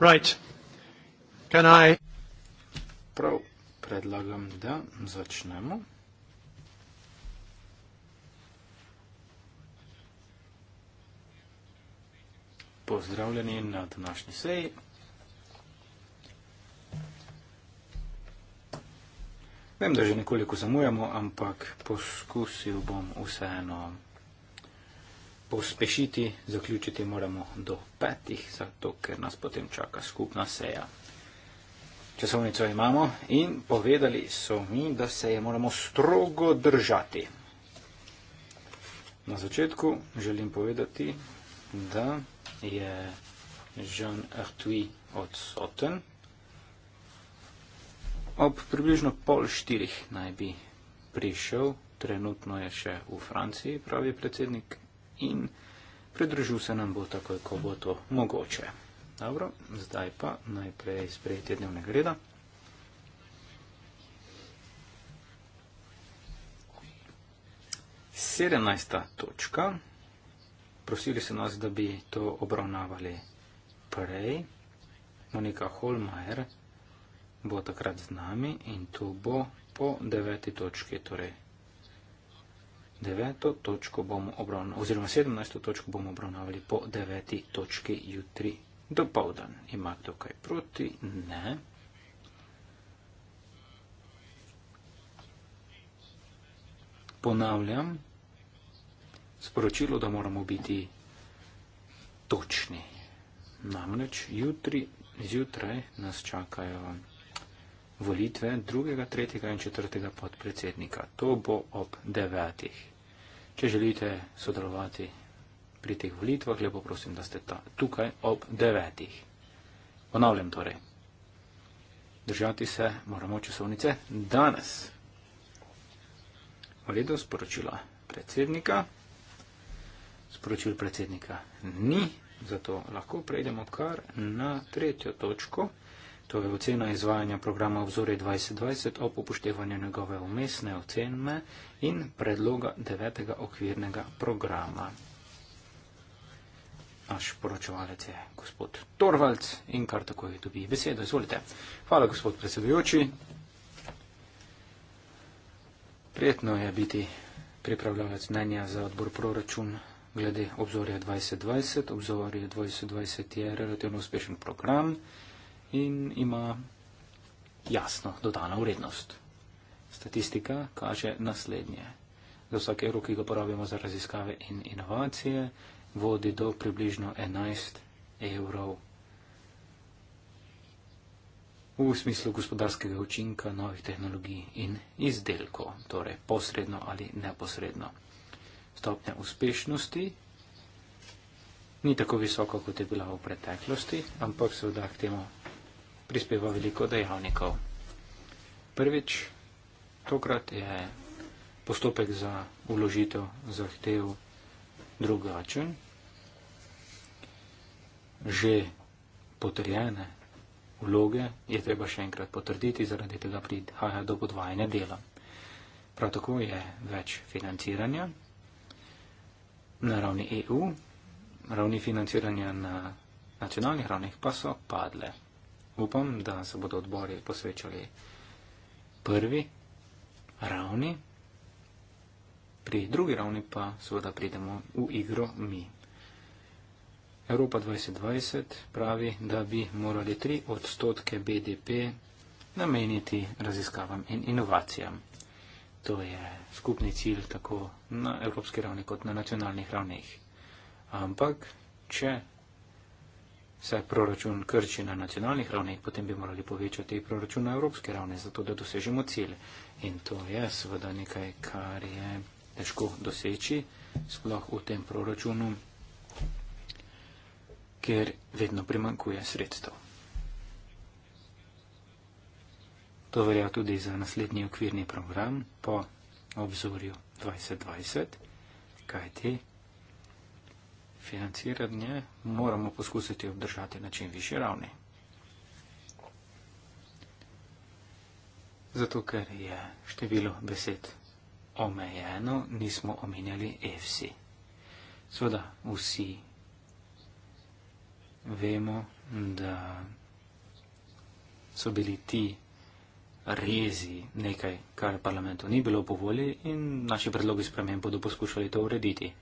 Right. Can I... Prav predlagam, da začnemo. Pozdravljeni na današnji seji. Vem, da že nekoliko zamujamo, ampak poskusil bom vseeno pospešiti, zaključiti moramo do petih, zato ker nas potem čaka skupna seja. Časovnico imamo in povedali so mi, da se je moramo strogo držati. Na začetku želim povedati, da je Jean Artui odsoten. Ob približno pol štirih naj bi prišel, trenutno je še v Franciji, pravi predsednik in pridružil se nam bo takoj, ko bo to mogoče. Dobro, zdaj pa najprej sprejetje dnevnega reda. Sedemnajsta točka. Prosili so nas, da bi to obravnavali prej. Monika Holmajer bo takrat z nami in to bo po deveti točki, torej deveto točko bomo obravnavali, oziroma sedemnajsto točko bomo obravnavali po deveti točki jutri do povdan. Ima kdo kaj proti? Ne. Ponavljam sporočilo, da moramo biti točni. Namreč jutri, zjutraj nas čakajo volitve drugega, tretjega in četrtega podpredsednika. To bo ob devetih. Če želite sodelovati pri teh volitvah, lepo prosim, da ste ta, tukaj ob devetih. Ponavljam torej. Držati se moramo časovnice danes. V redu, sporočila predsednika. Sporočil predsednika ni, zato lahko prejdemo kar na tretjo točko. To je ocena izvajanja programa Obzorje 2020 ob upoštevanju njegove umestne ocene in predloga devetega okvirnega programa. Naš poročevalec je gospod Torvalc in kar tako je dobi besedo. Izvolite. Hvala, gospod predsedujoči. Prijetno je biti pripravljalec mnenja za odbor proračun glede obzorja 2020. Obzorje 2020 je relativno uspešen program in ima jasno dodano vrednost. Statistika kaže naslednje. Za vsak evro, ki ga porabimo za raziskave in inovacije, vodi do približno 11 evrov v smislu gospodarskega učinka novih tehnologij in izdelkov, torej posredno ali neposredno. Stopnja uspešnosti ni tako visoka, kot je bila v preteklosti, ampak seveda k temu prispeva veliko dejavnikov. Prvič, tokrat je postopek za uložitev zahtev drugačen, že potrjene vloge je treba še enkrat potrditi, zaradi tega prihaja do podvajanja dela. Prav tako je več financiranja na ravni EU, ravni financiranja na nacionalnih ravnih pa so padle upam, da se bodo odbori posvečali prvi ravni, pri drugi ravni pa seveda pridemo v igro mi. Evropa 2020 pravi, da bi morali 3 odstotke BDP nameniti raziskavam in inovacijam. To je skupni cilj tako na evropski ravni kot na nacionalnih ravneh. Ampak, če se proračun krči na nacionalnih ravneh, potem bi morali povečati proračun na evropske ravne, zato da dosežemo cilje. In to je seveda nekaj, kar je težko doseči, sploh v tem proračunu, ker vedno primankuje sredstev. To velja tudi za naslednji okvirni program po obzorju 2020, kajti financiranje moramo poskusiti obdržati na čim više ravni. Zato, ker je število besed omejeno, nismo omenjali EFSI. Sveda, vsi vemo, da so bili ti rezi nekaj, kar parlamentu ni bilo po volji in naši predlogi spremem bodo poskušali to urediti.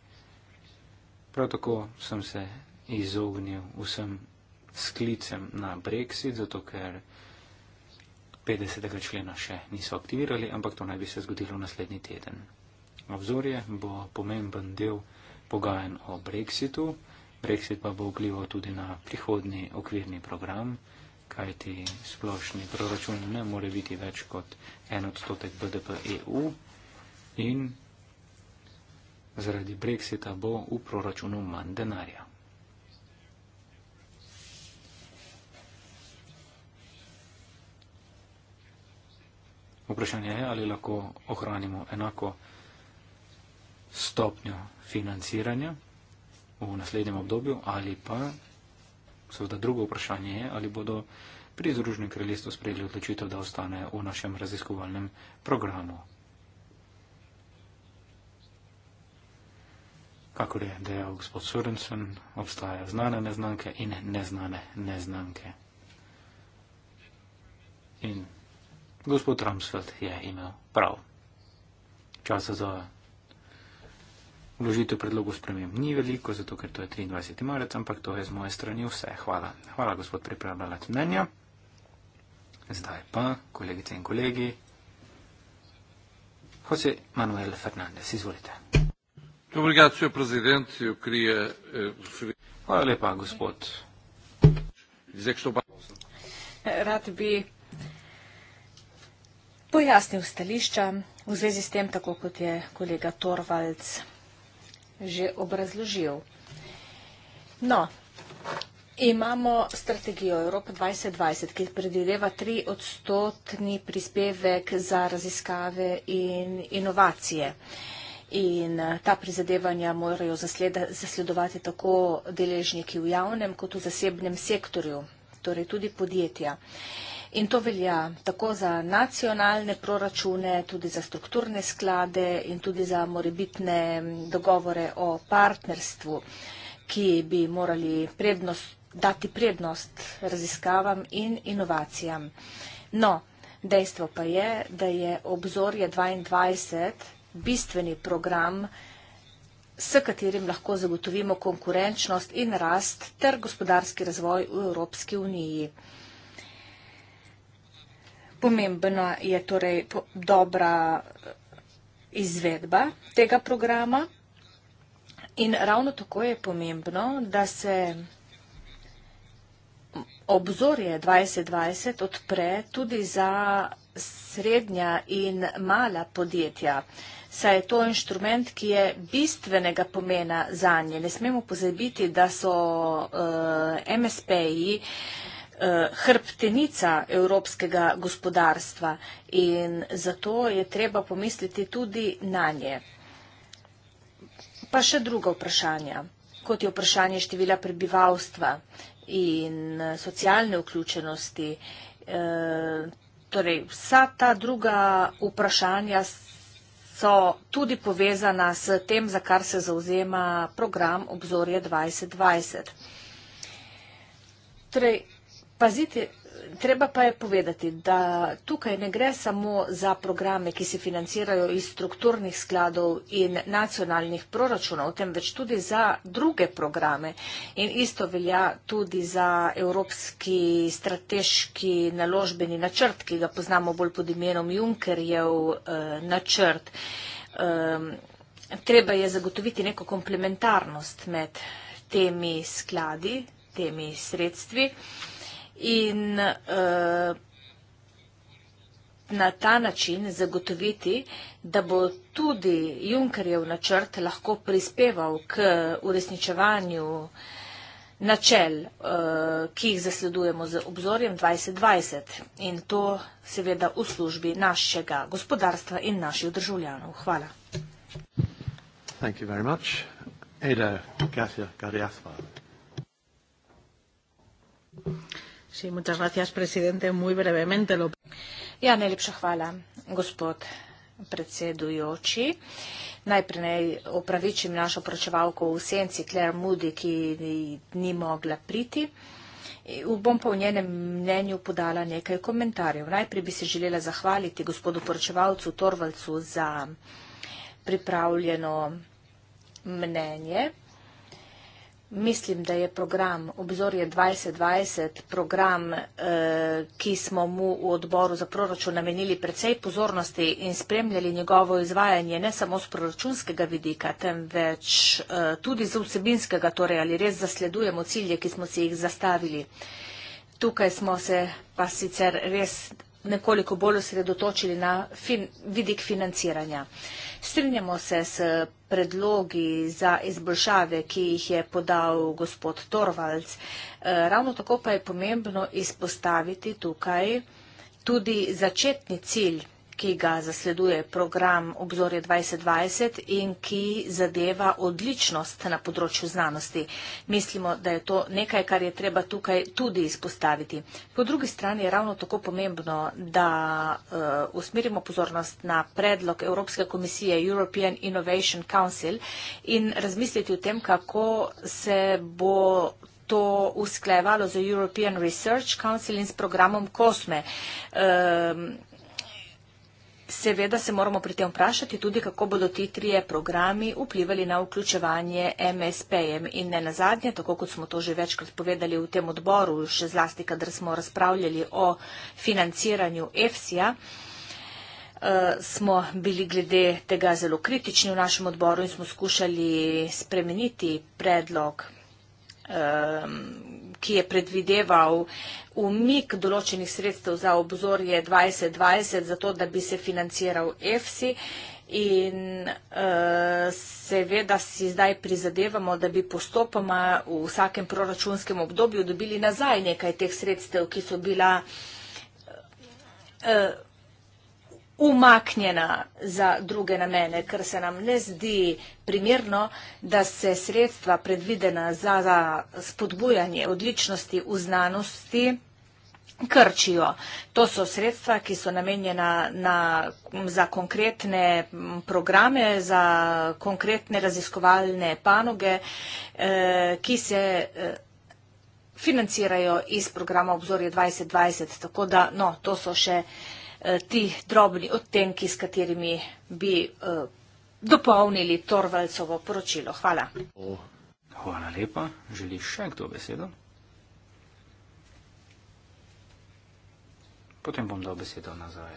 Prav tako sem se izognil vsem sklicem na Brexit, zato ker 50. člena še niso aktivirali, ampak to naj bi se zgodilo naslednji teden. Obzorje bo pomemben del pogajanj o Brexitu, Brexit pa bo vplival tudi na prihodni okvirni program, kajti splošni proračun ne more biti več kot en odstotek BDP EU in Zaradi brexita bo v proračunu manj denarja. Vprašanje je, ali lahko ohranimo enako stopnjo financiranja v naslednjem obdobju, ali pa, seveda drugo vprašanje je, ali bodo pri Združenem kraljestvu sprejeli odločitev, da ostane v našem raziskovalnem programu. Kakor je dejal gospod Sorensen, obstajajo znane neznanke in neznane neznanke. In gospod Rumsfeld je imel prav. Čas za vložitev predlogov sprememb ni veliko, zato ker to je 23. marec, ampak to je z moje strani vse. Hvala. Hvala, gospod pripravljalec mnenja. Zdaj pa, kolegice in kolegi, Jose Manuel Fernandez, izvolite. Eh, Hvala lepa, gospod. Rad bi pojasnil stališča v zvezi s tem, tako kot je kolega Torvalds že obrazložil. No, imamo strategijo Evropa 2020, ki predvideva tri odstotni prispevek za raziskave in inovacije in eh, ta prizadevanja morajo zasledovati tako deležniki v javnem kot v zasebnem sektorju, torej tudi podjetja. In to velja tako za nacionalne proračune, tudi za strukturne sklade in tudi za morebitne dogovore o partnerstvu, ki bi morali prednost, dati prednost raziskavam in inovacijam. No, dejstvo pa je, da je obzorje 22 bistveni program, s katerim lahko zagotovimo konkurenčnost in rast ter gospodarski razvoj v Evropski uniji. Pomembna je torej dobra izvedba tega programa in ravno tako je pomembno, da se obzorje 2020 odpre tudi za srednja in mala podjetja saj je to inštrument, ki je bistvenega pomena za nje. Ne smemo pozabiti, da so uh, eh, MSP-ji uh, eh, hrbtenica evropskega gospodarstva in zato je treba pomisliti tudi na nje. Pa še druga vprašanja, kot je vprašanje števila prebivalstva in eh, socialne vključenosti. Uh, torej, vsa ta druga vprašanja so tudi povezana s tem, za kar se zauzema program Obzorje 2020. Torej, pazite, treba pa je povedati, da tukaj ne gre samo za programe, ki se financirajo iz strukturnih skladov in nacionalnih proračunov, temveč tudi za druge programe. In isto velja tudi za evropski strateški naložbeni načrt, ki ga poznamo bolj pod imenom Junckerjev eh, načrt. Um, treba je zagotoviti neko komplementarnost med temi skladi, temi sredstvi in eh, na ta način zagotoviti, da bo tudi Junkerjev načrt lahko prispeval k uresničevanju načel, eh, ki jih zasledujemo z obzorjem 2020 in to seveda v službi našega gospodarstva in naših državljanov. Hvala. Thank you very much. Ada Gassia-Gariasva. Sí, muchas gracias, presidente. Muy brevemente. Lo... Ja, najlepša hvala, gospod predsedujoči. Najprej naj opravičim našo poročevalko v senci Claire Moody, ki ni mogla priti. Bom pa v njenem mnenju podala nekaj komentarjev. Najprej bi se želela zahvaliti gospodu poročevalcu Torvalcu za pripravljeno mnenje. Mislim, da je program obzorje 2020 program, eh, ki smo mu v odboru za proračun namenili precej pozornosti in spremljali njegovo izvajanje ne samo z proračunskega vidika, temveč eh, tudi z vsebinskega, torej ali res zasledujemo cilje, ki smo si jih zastavili. Tukaj smo se pa sicer res nekoliko bolj osredotočili na fin, vidik financiranja. Strinjamo se s predlogi za izboljšave, ki jih je podal gospod Torvalc. E, ravno tako pa je pomembno izpostaviti tukaj tudi začetni cilj ki ga zasleduje program Obzorje 2020 in ki zadeva odličnost na področju znanosti. Mislimo, da je to nekaj, kar je treba tukaj tudi izpostaviti. Po drugi strani je ravno tako pomembno, da uh, usmerimo pozornost na predlog Evropske komisije European Innovation Council in razmisliti o tem, kako se bo to usklajevalo z European Research Council in s programom COSME. Uh, Seveda se moramo pri tem vprašati tudi, kako bodo ti trije programi vplivali na vključevanje MSP-jem. In ne nazadnje, tako kot smo to že večkrat povedali v tem odboru, še zlasti, kadar smo razpravljali o financiranju EFSI-ja, eh, smo bili glede tega zelo kritični v našem odboru in smo skušali spremeniti predlog ehm, ki je predvideval umik določenih sredstev za obzorje 2020, zato da bi se financiral EFSI. In eh, seveda si zdaj prizadevamo, da bi postopoma v vsakem proračunskem obdobju dobili nazaj nekaj teh sredstev, ki so bila eh, umaknjena za druge namene, ker se nam ne zdi primerno, da se sredstva predvidena za spodbujanje odličnosti v znanosti krčijo. To so sredstva, ki so namenjena na, za konkretne programe, za konkretne raziskovalne panoge, eh, ki se eh, financirajo iz programa Obzorje 2020. Tako da, no, to so še eh, Eh, ti drobni odtenki, s katerimi bi uh, dopolnili Torvaldsovo poročilo. Hvala. O, hvala lepa. Želiš še kdo besedo? Potem bom dal besedo nazaj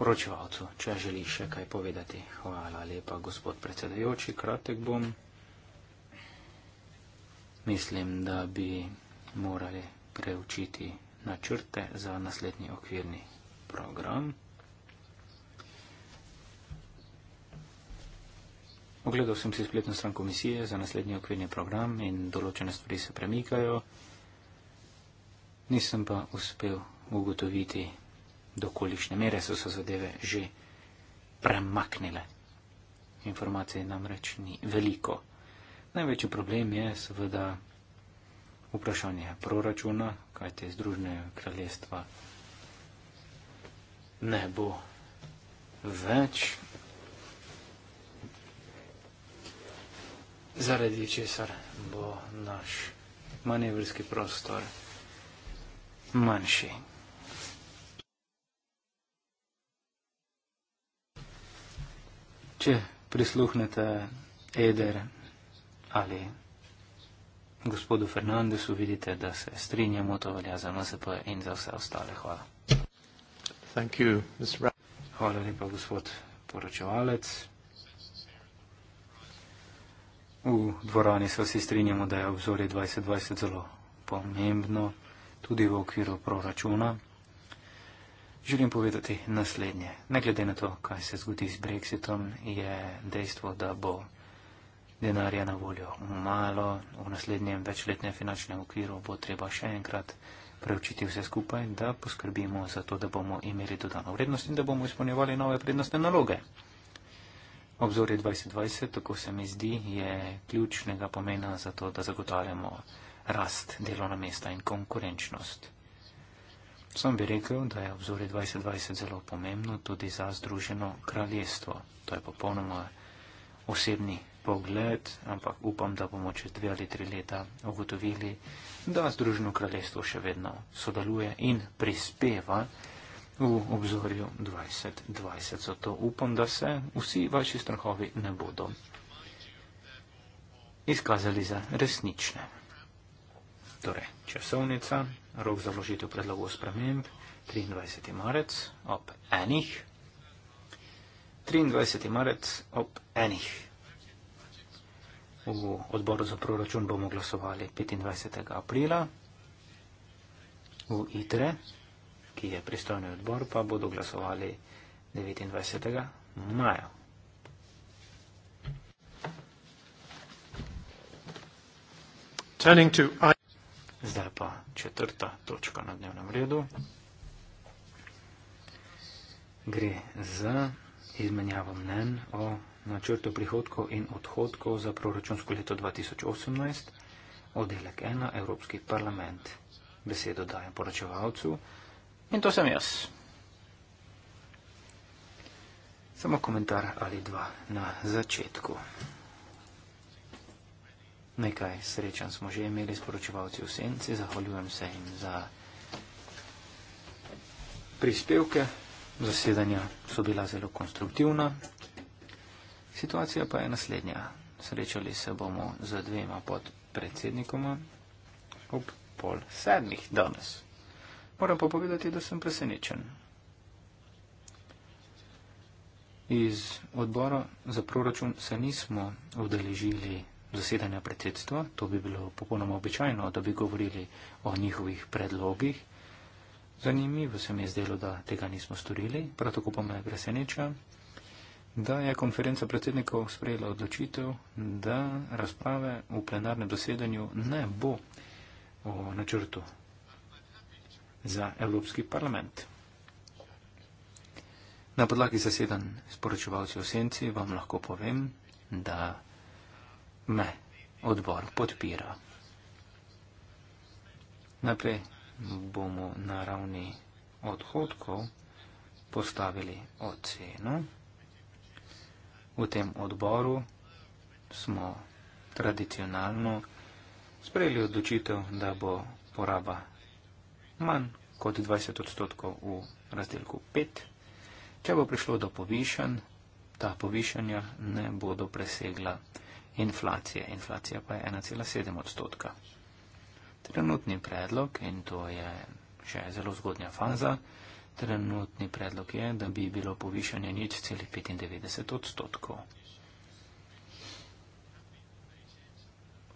poročevalcu, če želi še kaj povedati. Hvala lepa, gospod predsedajoči. Kratek bom. Mislim, da bi morali preučiti načrte za naslednji okvirni program. Ogledal sem si spletno stran komisije za naslednji okvirni program in določene stvari se premikajo. Nisem pa uspel ugotoviti, do kolikšne mere so se zadeve že premaknile. Informacije namreč ni veliko. Največji problem je seveda vprašanje proračuna, kajte Združene kraljestva ne bo več zaradi česar bo naš manevrski prostor manjši. Če prisluhnete Eder ali gospodu Fernandesu, vidite, da se strinjamo, to velja za MSP in za vse ostale. Hvala. Thank you, Mr. Hvala lepa, gospod poročevalec. V dvorani se vsi strinjamo, da je obzorje 2020 zelo pomembno, tudi v okviru proračuna. Želim povedati naslednje. Ne glede na to, kaj se zgodi s Brexitom, je dejstvo, da bo denarja na voljo malo. V naslednjem večletnem finančnem okviru bo treba še enkrat preučiti vse skupaj, da poskrbimo za to, da bomo imeli dodano vrednost in da bomo izpolnjevali nove prednostne naloge. Obzorje 2020, tako se mi zdi, je ključnega pomena za to, da zagotavljamo rast delovna mesta in konkurenčnost. Sam bi rekel, da je obzorje 2020 zelo pomembno tudi za združeno kraljestvo. To je popolnoma osebni pogled, ampak upam, da bomo čez dve ali tri leta ugotovili, da Združeno kraljestvo še vedno sodeluje in prispeva v obzorju 2020. Zato upam, da se vsi vaši strahovi ne bodo izkazali za resnične. Torej, časovnica, rok za vložitev predlogov sprememb 23. marec ob enih. 23. marec ob enih. V odboru za proračun bomo glasovali 25. aprila, v ITRE, ki je pristojni odbor, pa bodo glasovali 29. maja. Zdaj pa četrta točka na dnevnem redu. Gre za izmenjavo mnen o načrtu prihodkov in odhodkov za proračunsko leto 2018, oddelek 1, Evropski parlament. Besedo dajem poročevalcu in to sem jaz. Samo komentar ali dva na začetku. Nekaj srečan smo že imeli s poročevalci v senci, zahvaljujem se jim za prispevke zasedanja so bila zelo konstruktivna. Situacija pa je naslednja. Srečali se bomo z dvema podpredsednikoma ob pol sedmih danes. Moram pa povedati, da sem presenečen. Iz odbora za proračun se nismo udeležili zasedanja predsedstva, to bi bilo popolnoma običajno, da bi govorili o njihovih predlogih Zanimivo se mi je zdelo, da tega nismo storili, prav tako pa me preseneča, da je konferenca predsednikov sprejela odločitev, da razprave v plenarnem zasedanju ne bo o načrtu za Evropski parlament. Na podlagi zaseden sporočevalci v senci vam lahko povem, da me odbor podpira. Najprej bomo na ravni odhodkov postavili oceno. V tem odboru smo tradicionalno sprejeli odločitev, da bo poraba manj kot 20 odstotkov v razdelku 5. Če bo prišlo do povišanj, ta povišanja ne bodo presegla inflacije. Inflacija pa je 1,7 odstotka. Trenutni predlog, in to je še zelo zgodnja faza, trenutni predlog je, da bi bilo povišanje nič celih 95 odstotkov.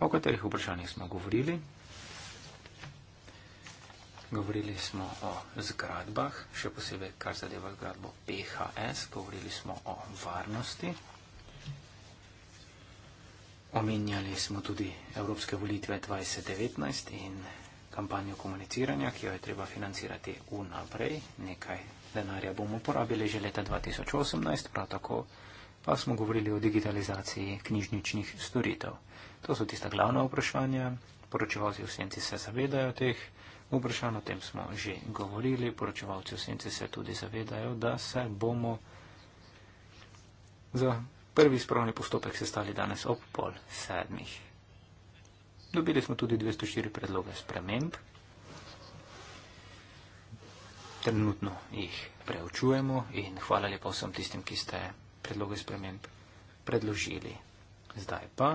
O katerih vprašanjih smo govorili? Govorili smo o zgradbah, še posebej kar zadeva zgradbo PHS, govorili smo o varnosti. Omenjali smo tudi Evropske volitve 2019 in kampanjo komuniciranja, ki jo je treba financirati vnaprej. Nekaj denarja bomo porabili že leta 2018, prav tako pa smo govorili o digitalizaciji knjižničnih storitev. To so tista glavna vprašanja. Poročevalci v senci se zavedajo teh vprašanj, o tem smo že govorili. Poročevalci v senci se tudi zavedajo, da se bomo za Prvi spravni postopek se stali danes ob pol sedmih. Dobili smo tudi 204 predloge sprememb. Trenutno jih preučujemo in hvala lepa vsem tistim, ki ste predloge sprememb predložili. Zdaj pa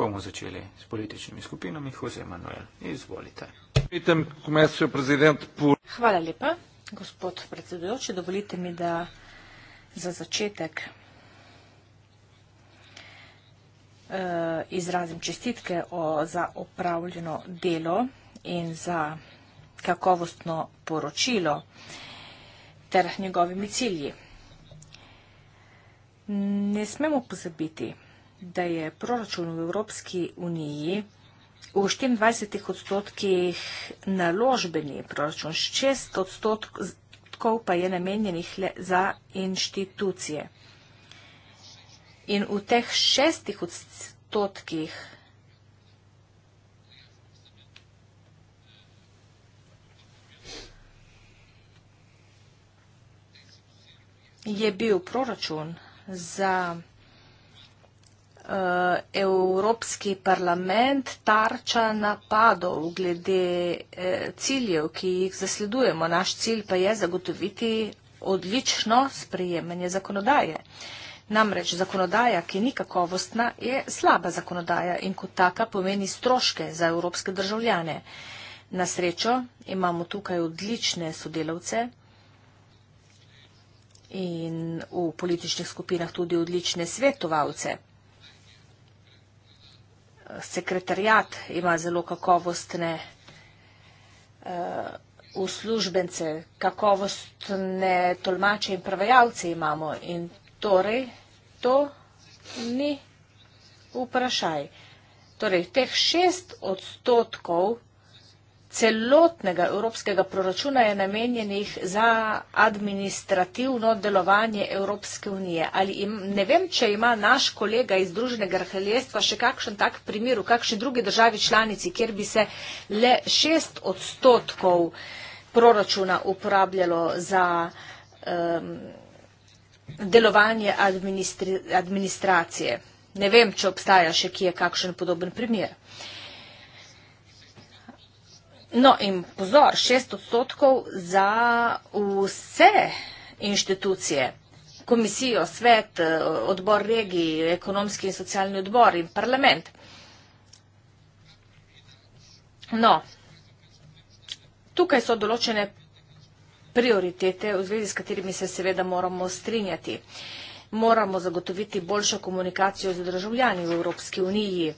bomo začeli s političnimi skupinami. Jose Manuel, izvolite. Hvala lepa, gospod predsedujoči. Dovolite mi, da za začetek eh, izrazim čestitke za opravljeno delo in za kakovostno poročilo ter njegovimi cilji. Ne smemo pozabiti, da je proračun v Evropski uniji v 24 odstotkih naložbeni proračun, 6 odstotkov, odhodkov pa je namenjenih le za inštitucije. In v teh šestih odstotkih je bil proračun za inštitucije. Eh, Evropski parlament tarča napadov glede eh, ciljev, ki jih zasledujemo. Naš cilj pa je zagotoviti odlično sprejemanje zakonodaje. Namreč zakonodaja, ki ni kakovostna, je slaba zakonodaja in kot taka pomeni stroške za evropske državljane. Na srečo imamo tukaj odlične sodelavce in v političnih skupinah tudi odlične svetovalce sekretarjat ima zelo kakovostne eh, uslužbence, kakovostne tolmače in prevajalce imamo in torej to ni vprašaj. Torej, teh šest odstotkov celotnega evropskega proračuna je namenjenih za administrativno delovanje Evropske unije. Ali im, ne vem, če ima naš kolega iz Združenega kraljestva še kakšen tak primer v kakšni drugi državi članici, kjer bi se le šest odstotkov proračuna uporabljalo za um, delovanje administri, administracije. Ne vem, če obstaja še kje kakšen podoben primer. Uh, No in pozor, šest odstotkov za vse inštitucije, komisijo, svet, eh, odbor regij, ekonomski in socialni odbor in parlament. No, tukaj so določene prioritete, v zvezi s katerimi se seveda moramo strinjati. Moramo zagotoviti boljšo komunikacijo z državljani v Evropski uniji. Uh,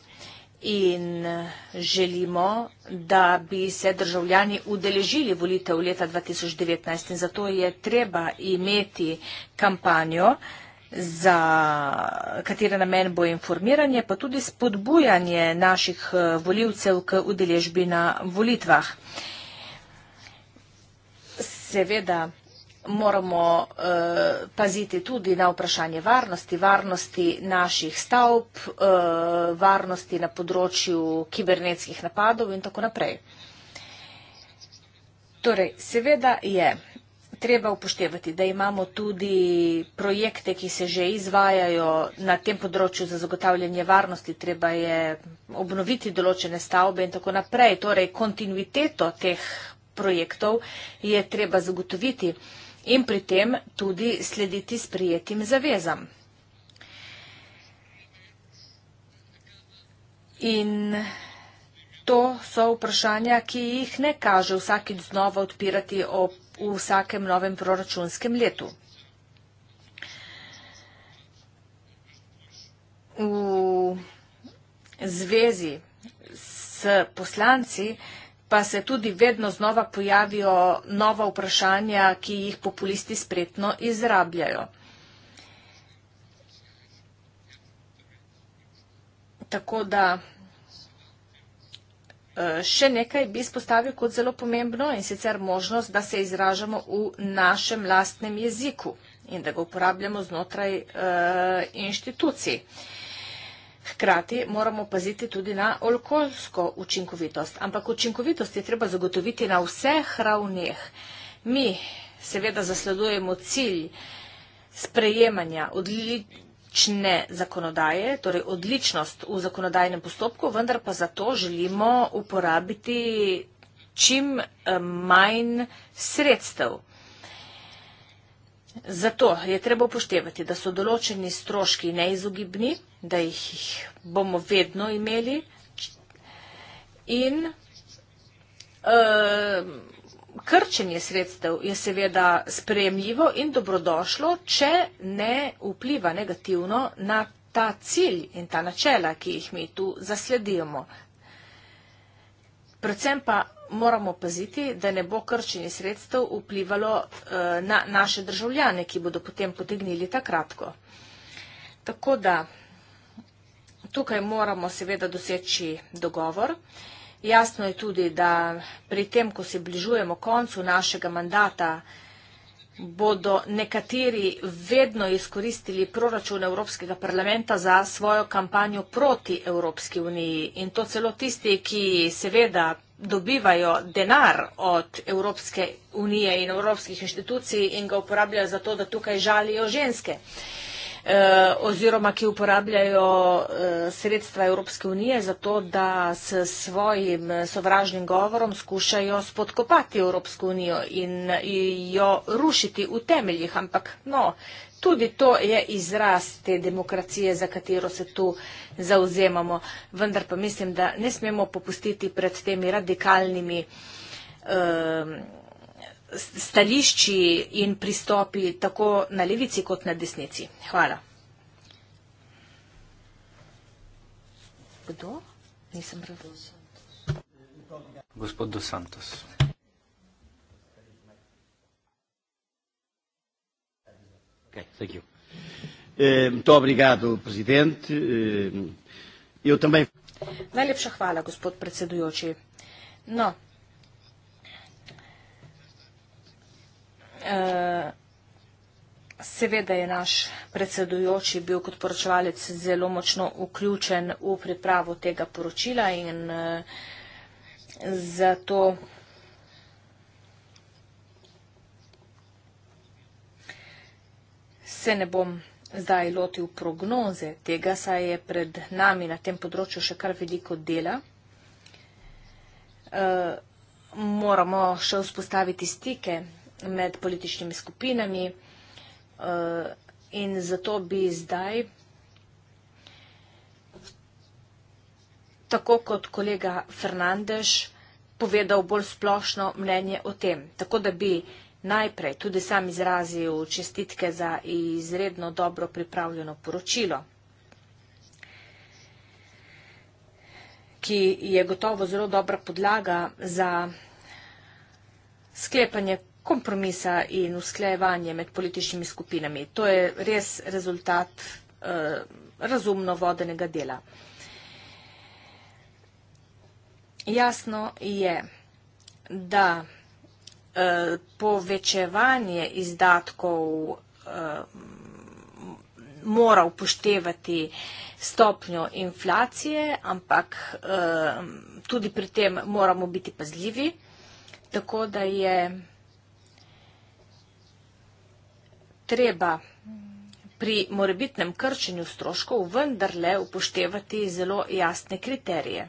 in eh, želimo, da bi se državljani udeležili volitev leta 2019 in zato je treba imeti kampanjo, za katere namen bo informiranje, pa tudi spodbujanje naših eh, voljivcev k udeležbi na volitvah. Seveda, moramo uh, paziti tudi na vprašanje varnosti, varnosti naših stavb, uh, varnosti na področju kibernetskih napadov in tako naprej. Torej, seveda je treba upoštevati, da imamo tudi projekte, ki se že izvajajo na tem področju za zagotavljanje varnosti, treba je obnoviti določene stavbe in tako naprej. Torej, kontinuiteto teh projektov je treba zagotoviti. Uh, in pri tem tudi slediti sprijetim zavezam. In to so vprašanja, ki jih ne kaže vsakič znova odpirati v vsakem novem proračunskem letu. V zvezi s poslanci, ki je vsakič znova odpirati pa se tudi vedno znova pojavijo nova vprašanja, ki jih populisti spretno izrabljajo. Tako da e, še nekaj bi spostavil kot zelo pomembno in sicer možnost, da se izražamo v našem lastnem jeziku in da ga uporabljamo znotraj uh, inštitucij. Uh, Hkrati moramo paziti tudi na okoljsko učinkovitost, ampak učinkovitost je treba zagotoviti na vseh ravneh. Mi seveda zasledujemo cilj sprejemanja odlične zakonodaje, torej odličnost v zakonodajnem postopku, vendar pa zato želimo uporabiti čim eh, manj sredstev. Zato je treba upoštevati, da so določeni stroški neizogibni, da jih bomo vedno imeli in eh, krčenje sredstev je seveda spremljivo in dobrodošlo, če ne vpliva negativno na ta cilj in ta načela, ki jih mi tu zasledijamo. Predvsem pa moramo paziti, da ne bo krčenje sredstev vplivalo eh, na naše državljane, ki bodo potem potegnili ta kratko. Tako da tukaj moramo seveda doseči dogovor. Jasno je tudi, da pri tem, ko se bližujemo koncu našega mandata, bodo nekateri vedno izkoristili proračun Evropskega parlamenta za svojo kampanjo proti Evropski uniji. In to celo tisti, ki seveda dobivajo denar od Evropske unije in evropskih inštitucij in ga uporabljajo za to, da tukaj žalijo ženske eh, oziroma ki uporabljajo eh, sredstva Evropske unije za to, da s svojim eh, sovražnim govorom skušajo spodkopati Evropsko unijo in jo rušiti v temeljih. Ampak no, tudi to je izraz te demokracije, za katero se tu zauzemamo. Vendar pa mislim, da ne smemo popustiti pred temi radikalnimi um, stališči in pristopi tako na levici kot na desnici. Hvala. Kdo? Nisem razumel. Gospod Dos Santos. Ok, thank you. Eh, muito obrigado, presidente. Eh, eu também. Najlepša hvala, gospod predsedujoči. No. Eh, seveda je naš predsedujoči bil kot poročevalec zelo močno vključen v pripravo tega poročila in zato. se ne bom zdaj lotil prognoze tega, saj je pred nami na tem področju še kar veliko dela. E, moramo še vzpostaviti stike med političnimi skupinami e, in zato bi zdaj, tako kot kolega Fernandež, povedal bolj splošno mnenje o tem. Tako da bi najprej tudi sam izrazil čestitke za izredno dobro pripravljeno poročilo, ki je gotovo zelo dobra podlaga za sklepanje kompromisa in usklejevanje med političnimi skupinami. To je res rezultat eh, razumno vodenega dela. Jasno je, da Eh, povečevanje izdatkov eh, mora upoštevati stopnjo inflacije, ampak eh, tudi pri tem moramo biti pazljivi, tako da je treba pri morebitnem krčenju stroškov vendarle upoštevati zelo jasne kriterije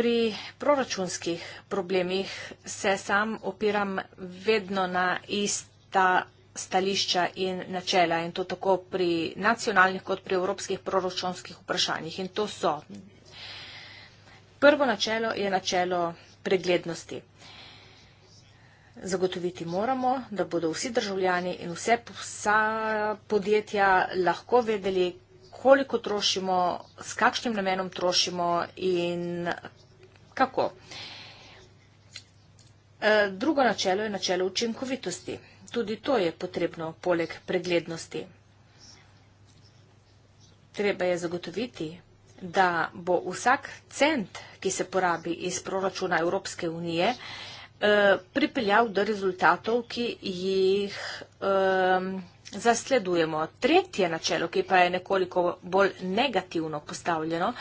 pri proračunskih problemih se sam opiram vedno na ista stališča in načela in to tako pri nacionalnih kot pri evropskih proračunskih vprašanjih in to so. Prvo načelo je načelo preglednosti. Zagotoviti moramo, da bodo vsi državljani in vse podjetja lahko vedeli, koliko trošimo, s kakšnim namenom trošimo in Kako? E, drugo načelo je načelo učinkovitosti. Tudi to je potrebno poleg preglednosti. Treba je zagotoviti, da bo vsak cent, ki se porabi iz proračuna Evropske unije, e, pripeljal do rezultatov, ki jih e, zasledujemo. Tretje načelo, ki pa je nekoliko bolj negativno postavljeno,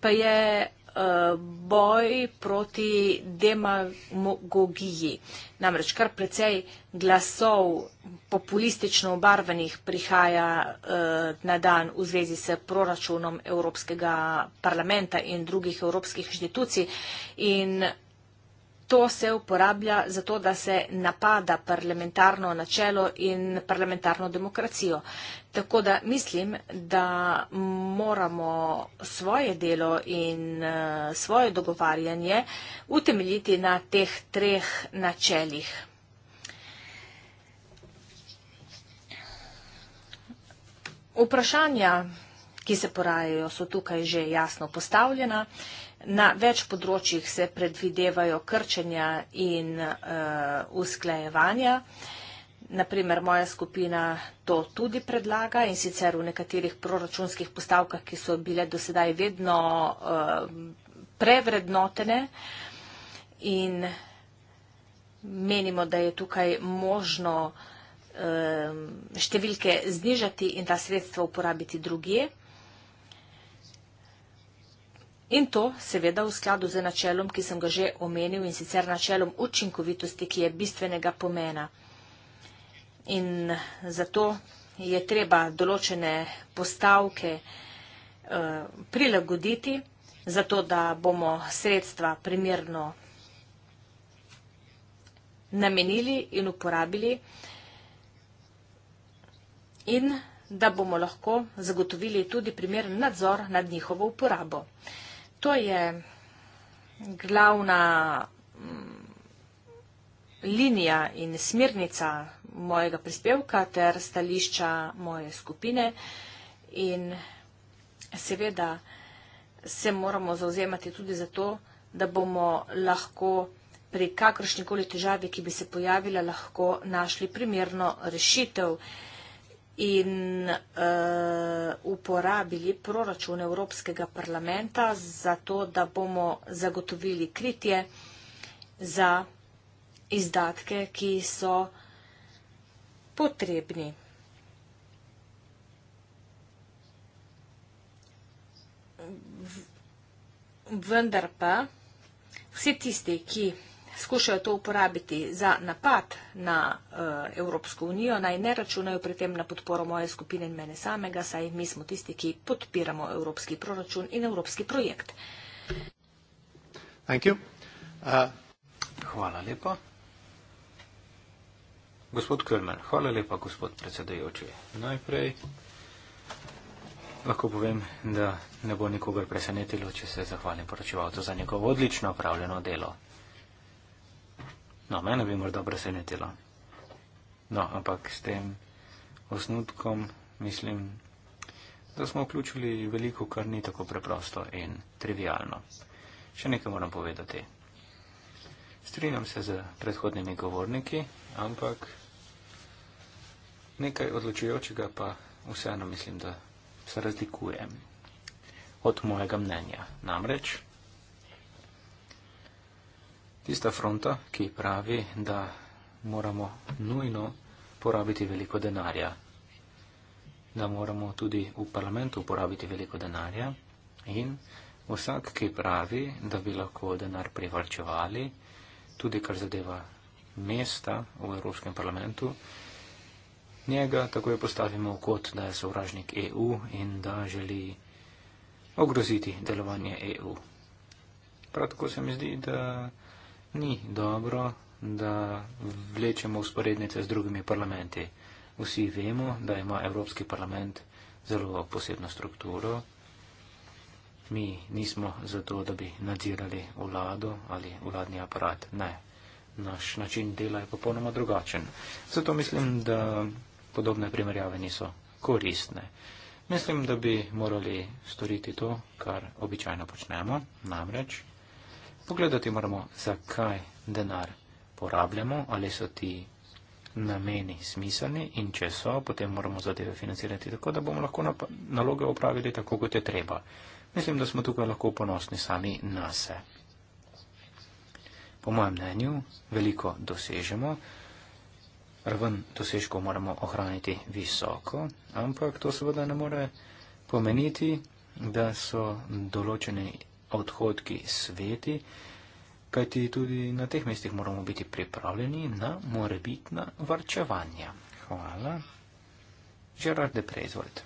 pa je boj proti demagogiji. Namreč kar precej glasov populistično obarvanih prihaja eh, na dan v zvezi s proračunom Evropskega parlamenta in drugih evropskih inštitucij in To se uporablja zato, da se napada parlamentarno načelo in parlamentarno demokracijo. Tako da mislim, da moramo svoje delo in eh, svoje dogovarjanje utemeljiti na teh treh načelih. Vprašanja, ki se porajajo, so tukaj že jasno postavljena. Na več področjih se predvidevajo krčenja in uh, usklajevanja. Naprimer, moja skupina to tudi predlaga in sicer v nekaterih proračunskih postavkah, ki so bile do sedaj vedno uh, prevrednotene in menimo, da je tukaj možno uh, številke znižati in ta sredstva uporabiti drugje. In to seveda v skladu z načelom, ki sem ga že omenil in sicer načelom učinkovitosti, ki je bistvenega pomena. In zato je treba določene postavke eh, prilagoditi, zato da bomo sredstva primerno namenili in uporabili in da bomo lahko zagotovili tudi primeren nadzor nad njihovo uporabo. To je glavna mm, linija in smirnica mojega prispevka ter stališča moje skupine in seveda se moramo zauzemati tudi za to, da bomo lahko pri kakršnikoli težavi, ki bi se pojavila, lahko našli primerno rešitev in uh, uporabili proračun Evropskega parlamenta za to, da bomo zagotovili kritje za izdatke, ki so potrebni. V, vendar pa vsi tisti, ki skušajo to uporabiti za napad na uh, Evropsko unijo, naj ne računajo pri tem na podporo moje skupine in mene samega, saj mi smo tisti, ki podpiramo evropski proračun in evropski projekt. Uh, hvala lepa. Gospod Kölmer, hvala lepa, gospod predsedajoči. Najprej lahko povem, da ne bo nikogar presenetilo, če se zahvalim poročevalcu za njegovo odlično opravljeno delo. No, mene bi morda presenetilo. No, ampak s tem osnutkom mislim, da smo vključili veliko, kar ni tako preprosto in trivialno. Še nekaj moram povedati. Strinjam se z predhodnimi govorniki, ampak nekaj odločujočega pa vseeno mislim, da se razlikujem od mojega mnenja. Namreč, tista fronta, ki pravi, da moramo nujno porabiti veliko denarja, da moramo tudi v parlamentu porabiti veliko denarja in vsak, ki pravi, da bi lahko denar privarčevali, tudi kar zadeva mesta v Evropskem parlamentu, njega takoj postavimo kot, da je sovražnik EU in da želi ogroziti delovanje EU. Prav tako se mi zdi, da ni dobro, da vlečemo usporednice z drugimi parlamenti. Vsi vemo, da ima Evropski parlament zelo posebno strukturo. Mi nismo zato, da bi nadzirali vlado ali vladni aparat. Ne. Naš način dela je popolnoma drugačen. Zato mislim, da podobne primerjave niso koristne. Mislim, da bi morali storiti to, kar običajno počnemo, namreč Pogledati moramo, zakaj denar porabljamo, ali so ti nameni smiselni in če so, potem moramo zadeve financirati tako, da bomo lahko naloge opravili tako, kot je treba. Mislim, da smo tukaj lahko ponosni sami na se. Po mojem mnenju, veliko dosežemo. Raven dosežkov moramo ohraniti visoko, ampak to seveda ne more pomeniti, da so določeni odhodki sveti, kajti tudi na teh mestih moramo biti pripravljeni na morebitna varčevanja. Hvala. Žerar de Prezvold.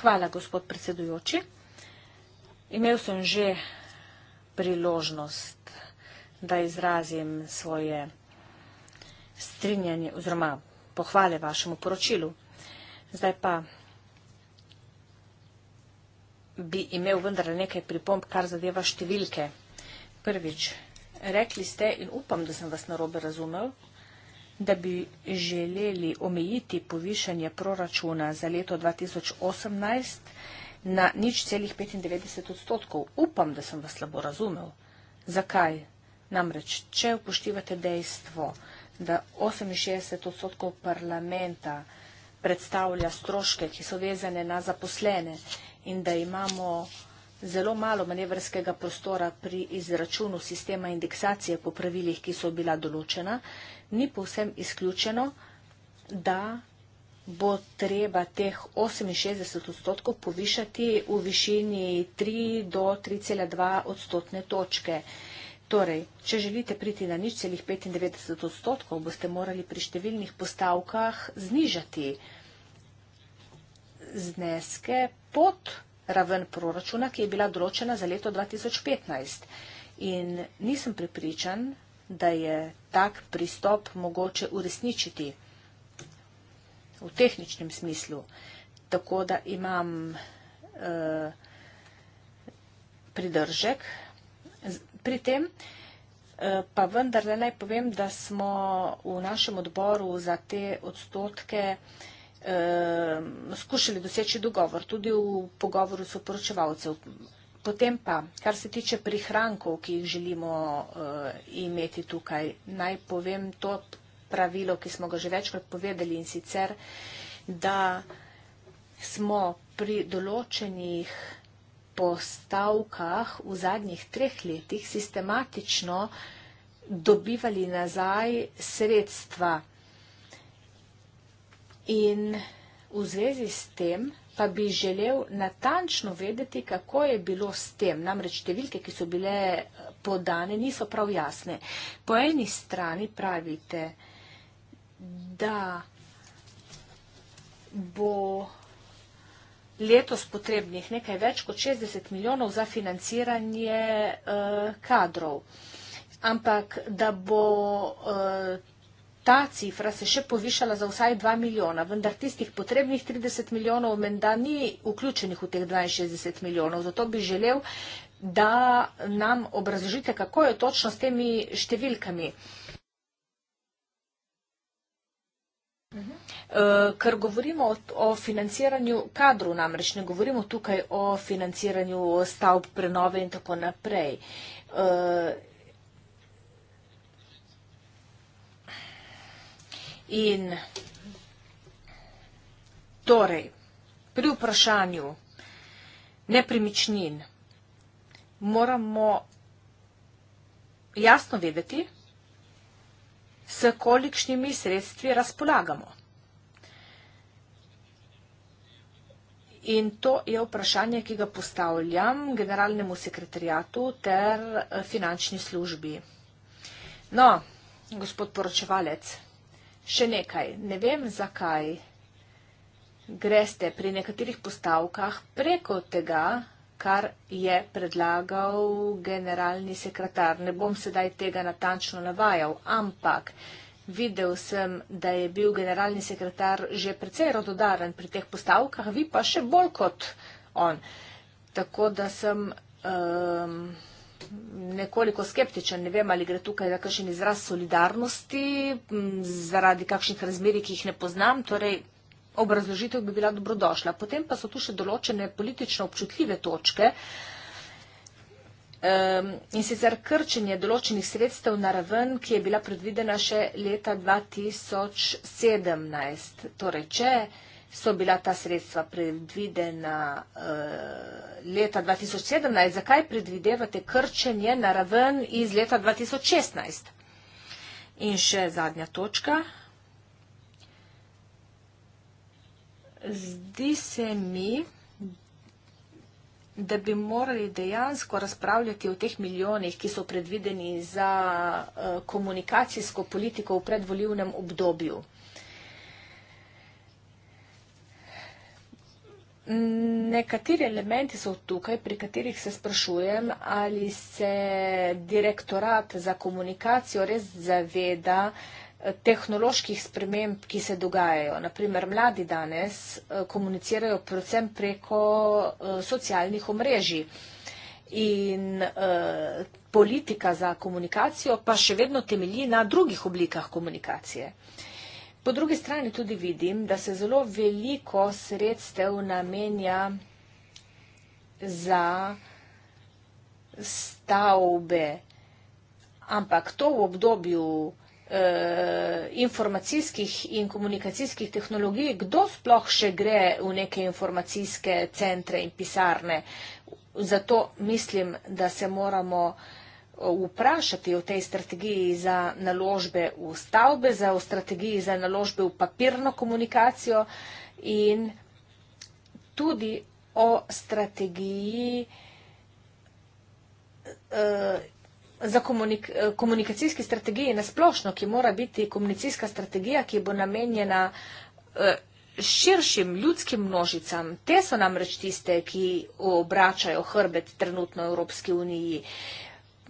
Hvala, gospod predsedujoči. Imel sem že priložnost, da izrazim svoje strinjanje oziroma pohvale vašemu poročilu. Zdaj pa bi imel vendar nekaj pripomb, kar zadeva številke. Prvič, rekli ste in upam, da sem vas narobe razumel, da bi želeli omejiti povišanje proračuna za leto 2018 na nič celih 95 odstotkov. Upam, da sem vas slabo razumel. Zakaj? Namreč, če upoštivate dejstvo, da da 68 odstotkov parlamenta predstavlja stroške, ki so vezane na zaposlene in da imamo zelo malo manevrskega prostora pri izračunu sistema indeksacije po pravilih, ki so bila določena, ni povsem izključeno, da bo treba teh 68 odstotkov povišati v višini 3 do 3,2 odstotne točke. Torej, če želite priti na nič celih 95 odstotkov, boste morali pri številnih postavkah znižati zneske pod raven proračuna, ki je bila določena za leto 2015. In nisem pripričan, da je tak pristop mogoče uresničiti v tehničnem smislu. Tako da imam uh, pridržek, pri tem. Eh, pa vendar le naj povem, da smo v našem odboru za te odstotke eh, skušali doseči dogovor, tudi v pogovoru s oporočevalcev. Potem pa, kar se tiče prihrankov, ki jih želimo eh, imeti tukaj, naj povem to pravilo, ki smo ga že večkrat povedali in sicer, da smo pri določenih postavkah v zadnjih treh letih sistematično dobivali nazaj sredstva. In v zvezi s tem pa bi želel natančno vedeti, kako je bilo s tem. Namreč številke, ki so bile eh, podane, niso prav jasne. Po eni strani pravite, da bo letos potrebnih nekaj več kot 60 milijonov za financiranje eh, kadrov. Ampak da bo eh, ta cifra se še povišala za vsaj 2 milijona, vendar tistih potrebnih 30 milijonov menda ni vključenih v teh 62 milijonov. Zato bi želel, da nam obrazložite, kako je točno s temi številkami. Eh, ker govorimo o financiranju kadru, namreč ne govorimo tukaj o financiranju stavb, prenove in tako naprej. Eh, in torej, pri vprašanju nepremičnin moramo jasno vedeti, s kolikšnimi sredstvi razpolagamo. In to je vprašanje, ki ga postavljam generalnemu sekretarijatu ter eh, finančni službi. No, gospod poročevalec, še nekaj. Ne vem, zakaj greste pri nekaterih postavkah preko tega, kar je predlagal generalni sekretar. Ne bom sedaj tega natančno navajal, ampak videl sem, da je bil generalni sekretar že precej rododaren pri teh postavkah, vi pa še bolj kot on. Tako da sem um, nekoliko skeptičen, ne vem, ali gre tukaj za kakšen izraz solidarnosti zaradi kakšnih razmeri, ki jih ne poznam. Torej, obrazložitev bi bila dobrodošla. Potem pa so tu še določene politično občutljive točke. In sicer krčenje določenih sredstev na raven, ki je bila predvidena še leta 2017. Torej, če so bila ta sredstva predvidena eh, leta 2017, zakaj predvidevate krčenje na raven iz leta 2016? In še zadnja točka. zdi se mi, da bi morali dejansko razpravljati o teh milijonih, ki so predvideni za eh, komunikacijsko politiko v predvoljivnem obdobju. Nekateri elementi so tukaj, pri katerih se sprašujem, ali se direktorat za komunikacijo res zaveda, da tehnoloških sprememb, ki se dogajajo. Naprimer, mladi danes eh, komunicirajo predvsem preko eh, socialnih omrežij in eh, politika za komunikacijo pa še vedno temelji na drugih oblikah komunikacije. Po drugi strani tudi vidim, da se zelo veliko sredstev namenja za stavbe, ampak to v obdobju Eh, informacijskih in komunikacijskih tehnologij, kdo sploh še gre v neke informacijske centre in pisarne. Zato mislim, da se moramo eh, vprašati o tej strategiji za naložbe v stavbe, za, o strategiji za naložbe v papirno komunikacijo in tudi o strategiji eh, za komunik komunikacijski strategiji nasplošno, ki mora biti komunikacijska strategija, ki bo namenjena eh, širšim ljudskim množicam. Te so namreč tiste, ki obračajo hrbet trenutno Evropski uniji.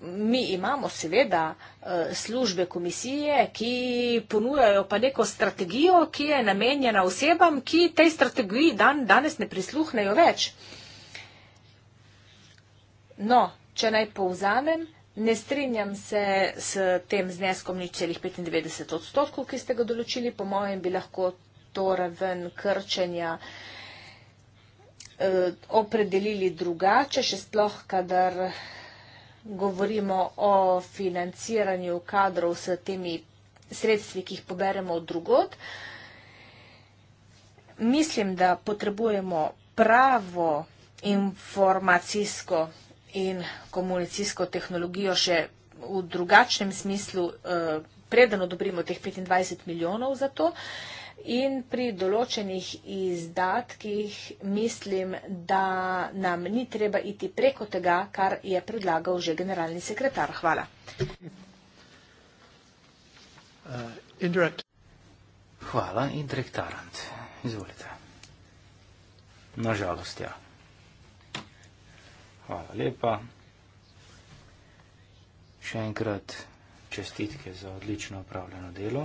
Mi imamo seveda eh, službe komisije, ki ponujajo pa neko strategijo, ki je namenjena osebam, ki tej strategiji dan, danes ne prisluhnejo več. No, če naj povzamem, Ne strinjam se s tem zneskom ničelih 95 odstotkov, ki ste ga določili. Po mojem bi lahko to raven krčenja eh, opredelili drugače, še sploh, kadar govorimo o financiranju kadrov s temi sredstvi, ki jih poberemo od drugot. Mislim, da potrebujemo pravo informacijsko in komunicijsko tehnologijo še v drugačnem smislu, eh, preden odobrimo teh 25 milijonov za to. In pri določenih izdatkih mislim, da nam ni treba iti preko tega, kar je predlagal že generalni sekretar. Hvala. Uh, Hvala, Indrek Tarant. Izvolite. Nažalost, ja. Hvala lepa. Še enkrat čestitke za odlično opravljeno delo.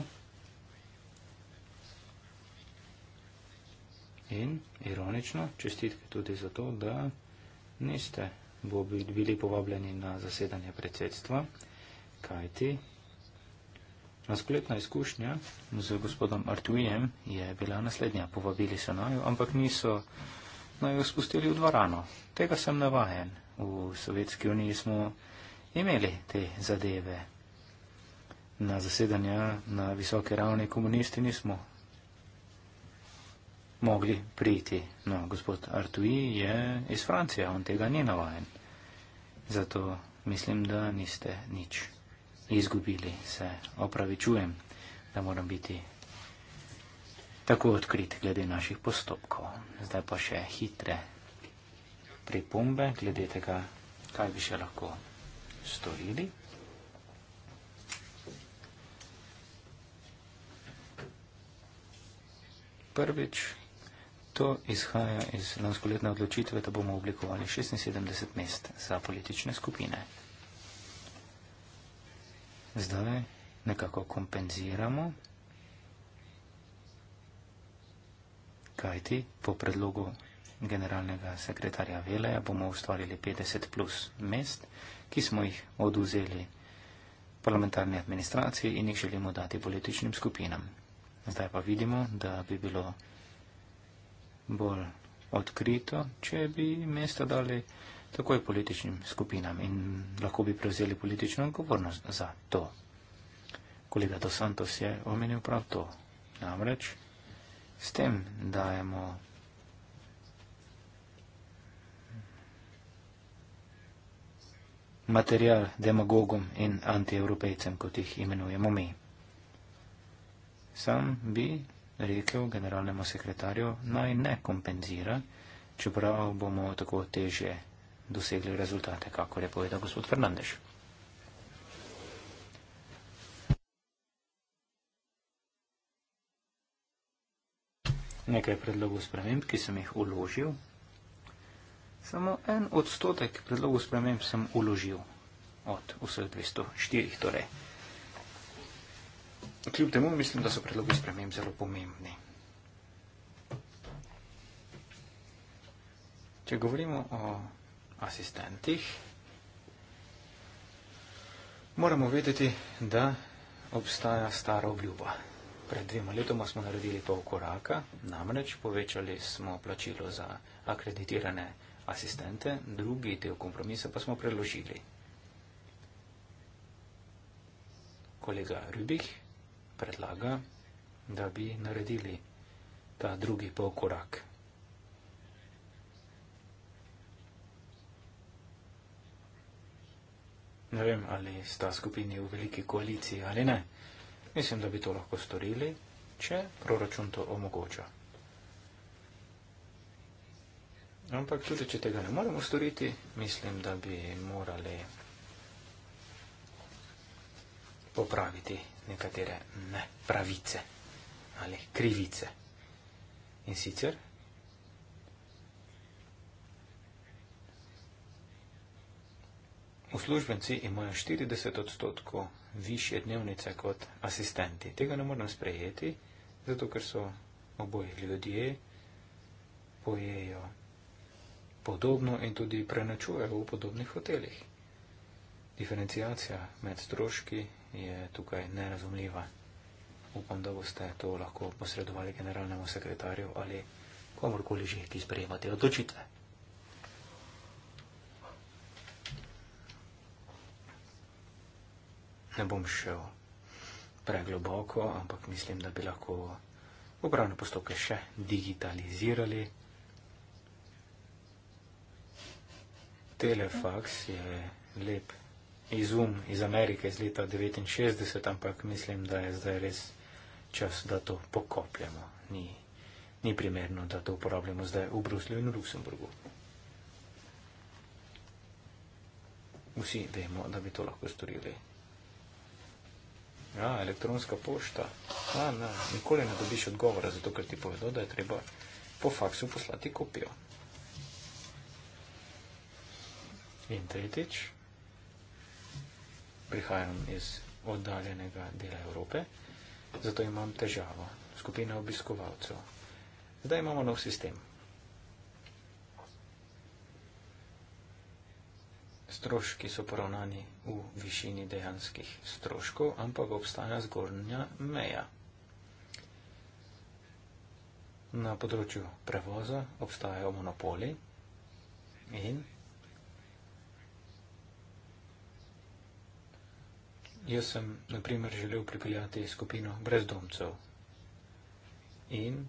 In ironično čestitke tudi za to, da niste bili povabljeni na zasedanje predsedstva, kajti naskoletna izkušnja z gospodom Artujem je bila naslednja. Povabili so naju, ampak niso naj jo spustili v dvorano. Tega sem navajen. V Sovjetski uniji smo imeli te zadeve. Na zasedanja na visoke ravni komunisti nismo mogli priti. No, gospod Artui je iz Francije, on tega ni navajen. Zato mislim, da niste nič izgubili. Se opravičujem, da moram biti tako odkrit glede naših postopkov. Zdaj pa še hitre pripombe glede tega, kaj bi še lahko storili. Prvič, to izhaja iz lanskoletne odločitve, da bomo oblikovali 76 mest za politične skupine. Zdaj nekako kompenziramo kajti po predlogu generalnega sekretarja Veleja bomo ustvarili 50 plus mest, ki smo jih oduzeli parlamentarni administraciji in jih želimo dati političnim skupinam. Zdaj pa vidimo, da bi bilo bolj odkrito, če bi mesta dali takoj političnim skupinam in lahko bi prevzeli politično odgovornost za to. Kolega Dosantos je omenil prav to. Namreč, S tem dajemo material demagogom in antievropejcem, kot jih imenujemo mi. Sam bi rekel generalnemu sekretarju, naj ne kompenzira, čeprav bomo tako teže dosegli rezultate, kako je povedal gospod Fernandez. nekaj predlogov sprememb, ki sem jih uložil. Samo en odstotek predlogov sprememb sem uložil od vseh 204. Torej. Kljub temu mislim, da so predlogi sprememb zelo pomembni. Če govorimo o asistentih, moramo vedeti, da obstaja stara obljuba. Pred dvema letoma smo naredili pol koraka, namreč povečali smo plačilo za akreditirane asistente, drugi del kompromisa pa smo preložili. Kolega Rübih predlaga, da bi naredili ta drugi pol korak. Ne vem, ali sta skupini v veliki koaliciji ali ne. Mislim, da bi to lahko storili, če proračun to omogoča. Ampak tudi, če tega ne moremo storiti, mislim, da bi morali popraviti nekatere nepravice ali krivice. In sicer uslužbenci imajo 40 odstotkov više dnevnice kot asistenti. Tega ne moram sprejeti, zato ker so oboje ljudje, pojejo podobno in tudi prenačujejo v podobnih hotelih. Diferencijacija med stroški je tukaj nerazumljiva. Upam, da boste to lahko posredovali generalnemu sekretarju ali komorkoli že, ki sprejema te odločitve. ne bom šel pregloboko, ampak mislim, da bi lahko upravne postopke še digitalizirali. Telefax je lep izum iz Amerike iz leta 69, ampak mislim, da je zdaj res čas, da to pokopljamo. Ni, ni primerno, da to uporabljamo zdaj v Bruslju in v Luksemburgu. Vsi vemo, da bi to lahko storili. Ja, elektronska pošta. Ja, ne, nikoli ne dobiš odgovora, zato ker ti povedo, da je treba po faksu poslati kopijo. In tretjič, prihajam iz oddaljenega dela Evrope, zato imam težavo. Skupina obiskovalcev. Zdaj imamo nov sistem. stroški so poravnani v višini dejanskih stroškov, ampak obstaja zgornja meja. Na področju prevoza obstajajo monopoli in jaz sem, na primer, želel pripeljati skupino brezdomcev in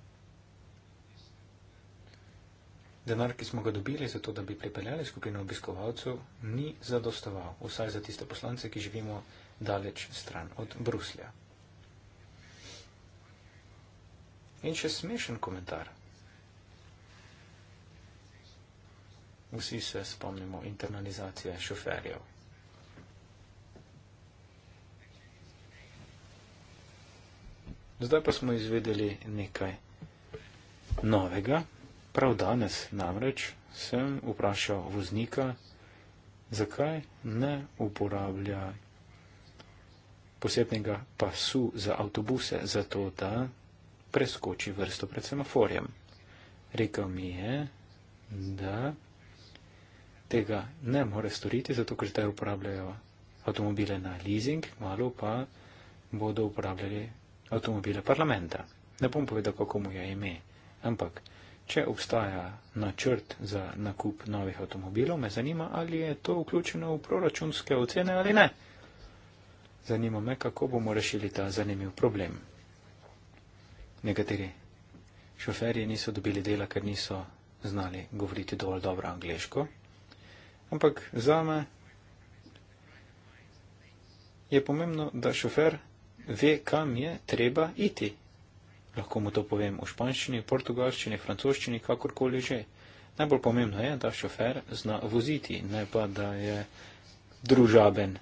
Denar, ki smo ga dobili za to, da bi pripeljali skupino obiskovalcev, ni zadostoval, vsaj za tiste poslance, ki živimo daleč stran od Bruslja. In še smešen komentar. Vsi se spomnimo internalizacije šoferjev. Zdaj pa smo izvedeli nekaj novega prav danes namreč sem vprašal voznika, zakaj ne uporablja posebnega pasu za avtobuse, zato da preskoči vrsto pred semaforjem. Rekel mi je, da tega ne more storiti, zato ker zdaj uporabljajo avtomobile na leasing, malo pa bodo uporabljali avtomobile parlamenta. Ne bom povedal, kako mu je ime, ampak Če obstaja načrt za nakup novih avtomobilov, me zanima, ali je to vključeno v proračunske ocene ali ne. Zanima me, kako bomo rešili ta zanimiv problem. Nekateri šoferji niso dobili dela, ker niso znali govoriti dovolj dobro angliško. Ampak za me je pomembno, da šofer ve, kam je treba iti lahko mu to povem v španščini, portugalščini, francoščini, kakorkoli že. Najbolj pomembno je, da šofer zna voziti, ne pa, da je družaben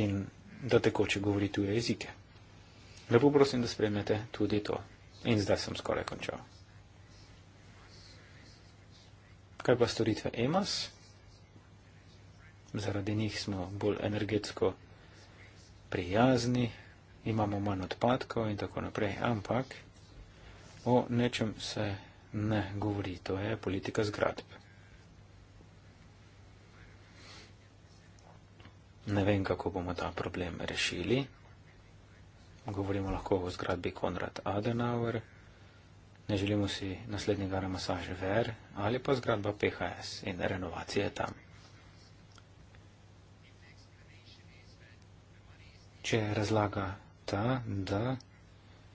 in da tekoče govori tuje jezike. Lepo prosim, da spremljate tudi to. In zdaj sem skoraj končal. Kaj pa storitve EMAS? Zaradi njih smo bolj energetsko prijazni, imamo manj odpadkov in tako naprej, ampak o nečem se ne govori, to je politika zgradb. Ne vem, kako bomo ta problem rešili. Govorimo lahko o zgradbi Konrad Adenauer, ne želimo si naslednjega ramasaže ver ali pa zgradba PHS in renovacije tam. Če razlaga ta, da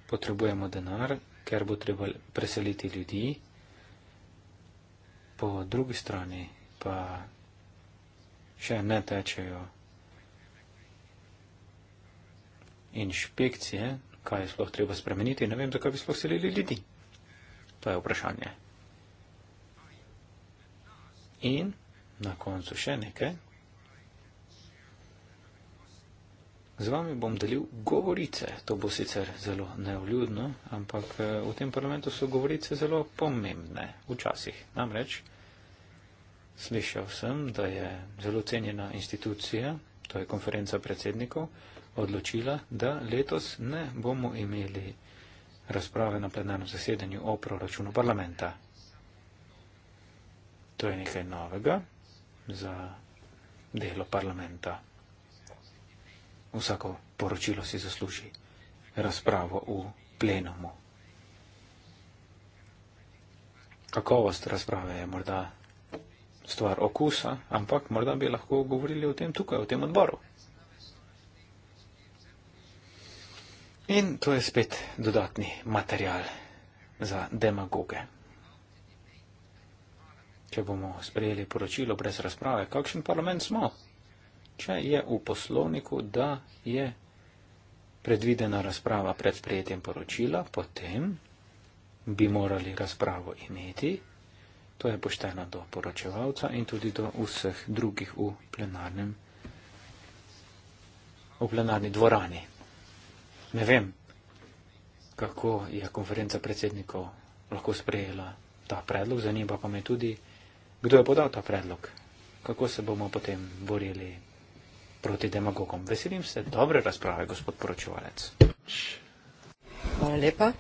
potrebujemo denar, ker bo treba preseliti ljudi, po drugi strani pa še ne tečejo inšpekcije, kaj je sploh treba spremeniti, ne vem, zakaj bi sploh selili ljudi. To je vprašanje. In na koncu še nekaj. Z vami bom delil govorice. To bo sicer zelo neuljudno, ampak eh, v tem parlamentu so govorice zelo pomembne včasih. Namreč slišal sem, da je zelo cenjena institucija, to je konferenca predsednikov, odločila, da letos ne bomo imeli razprave na plenarnem zasedanju o proračunu parlamenta. To je nekaj novega za delo parlamenta vsako poročilo si zasluži razpravo v plenumu. Kakovost razprave je morda stvar okusa, ampak morda bi lahko govorili o tem tukaj, v tem odboru. In to je spet dodatni material za demagoge. Če bomo sprejeli poročilo brez razprave, kakšen parlament smo? če je v poslovniku, da je predvidena razprava pred sprejetjem poročila, potem bi morali razpravo imeti. To je pošteno do poročevalca in tudi do vseh drugih v, plenarnem, v plenarni dvorani. Ne vem, kako je konferenca predsednikov lahko sprejela ta predlog, zanima pa me tudi, kdo je podal ta predlog, kako se bomo potem borili proti demagogom. Veselim se dobre razprave, gospod poročevalec. Hvala lepa.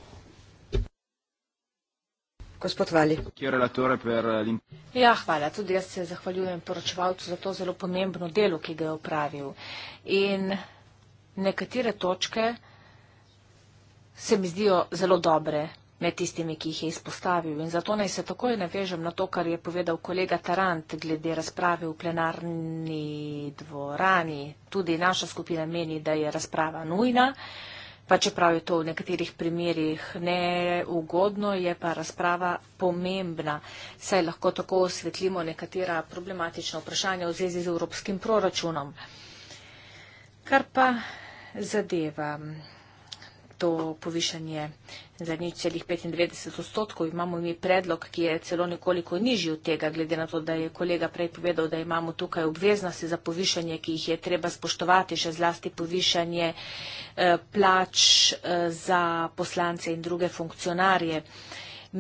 Gospod Vali. Ja, hvala. Tudi jaz se zahvaljujem poročevalcu za to zelo pomembno delo, ki ga je upravil. In nekatere točke se mi zdijo zelo dobre, med tistimi, ki jih je izpostavil. In zato naj se takoj navežem na to, kar je povedal kolega Tarant glede razprave v plenarni dvorani. Tudi naša skupina meni, da je razprava nujna, pa čeprav je to v nekaterih primerjih neugodno, je pa razprava pomembna. Saj lahko tako osvetlimo nekatera problematična vprašanja v zvezi z evropskim proračunom. Kar pa zadeva to povišanje za nič celih 95 odstotkov. Imamo mi predlog, ki je celo nekoliko nižji od tega, glede na to, da je kolega prej povedal, da imamo tukaj obveznosti za povišanje, ki jih je treba spoštovati, še zlasti povišanje eh, plač eh, za poslance in druge funkcionarje.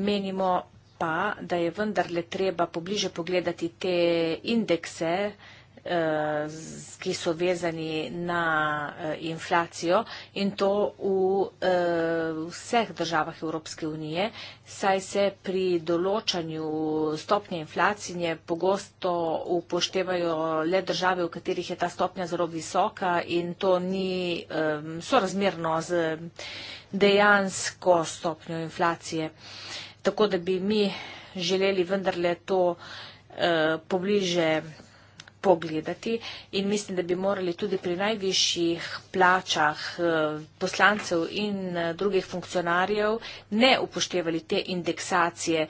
Menimo pa, da je vendarle treba pobliže pogledati te indekse, Eh, ki so vezani na eh, inflacijo in to v eh, vseh državah Evropske unije, saj se pri določanju stopnje inflacije pogosto upoštevajo le države, v katerih je ta stopnja zelo visoka in to ni sorazmerno z dejansko stopnjo inflacije. Tako da bi mi želeli vendarle to pobliže pogledati in mislim, da bi morali tudi pri najvišjih plačah eh, poslancev in eh, drugih funkcionarjev ne upoštevali te indeksacije,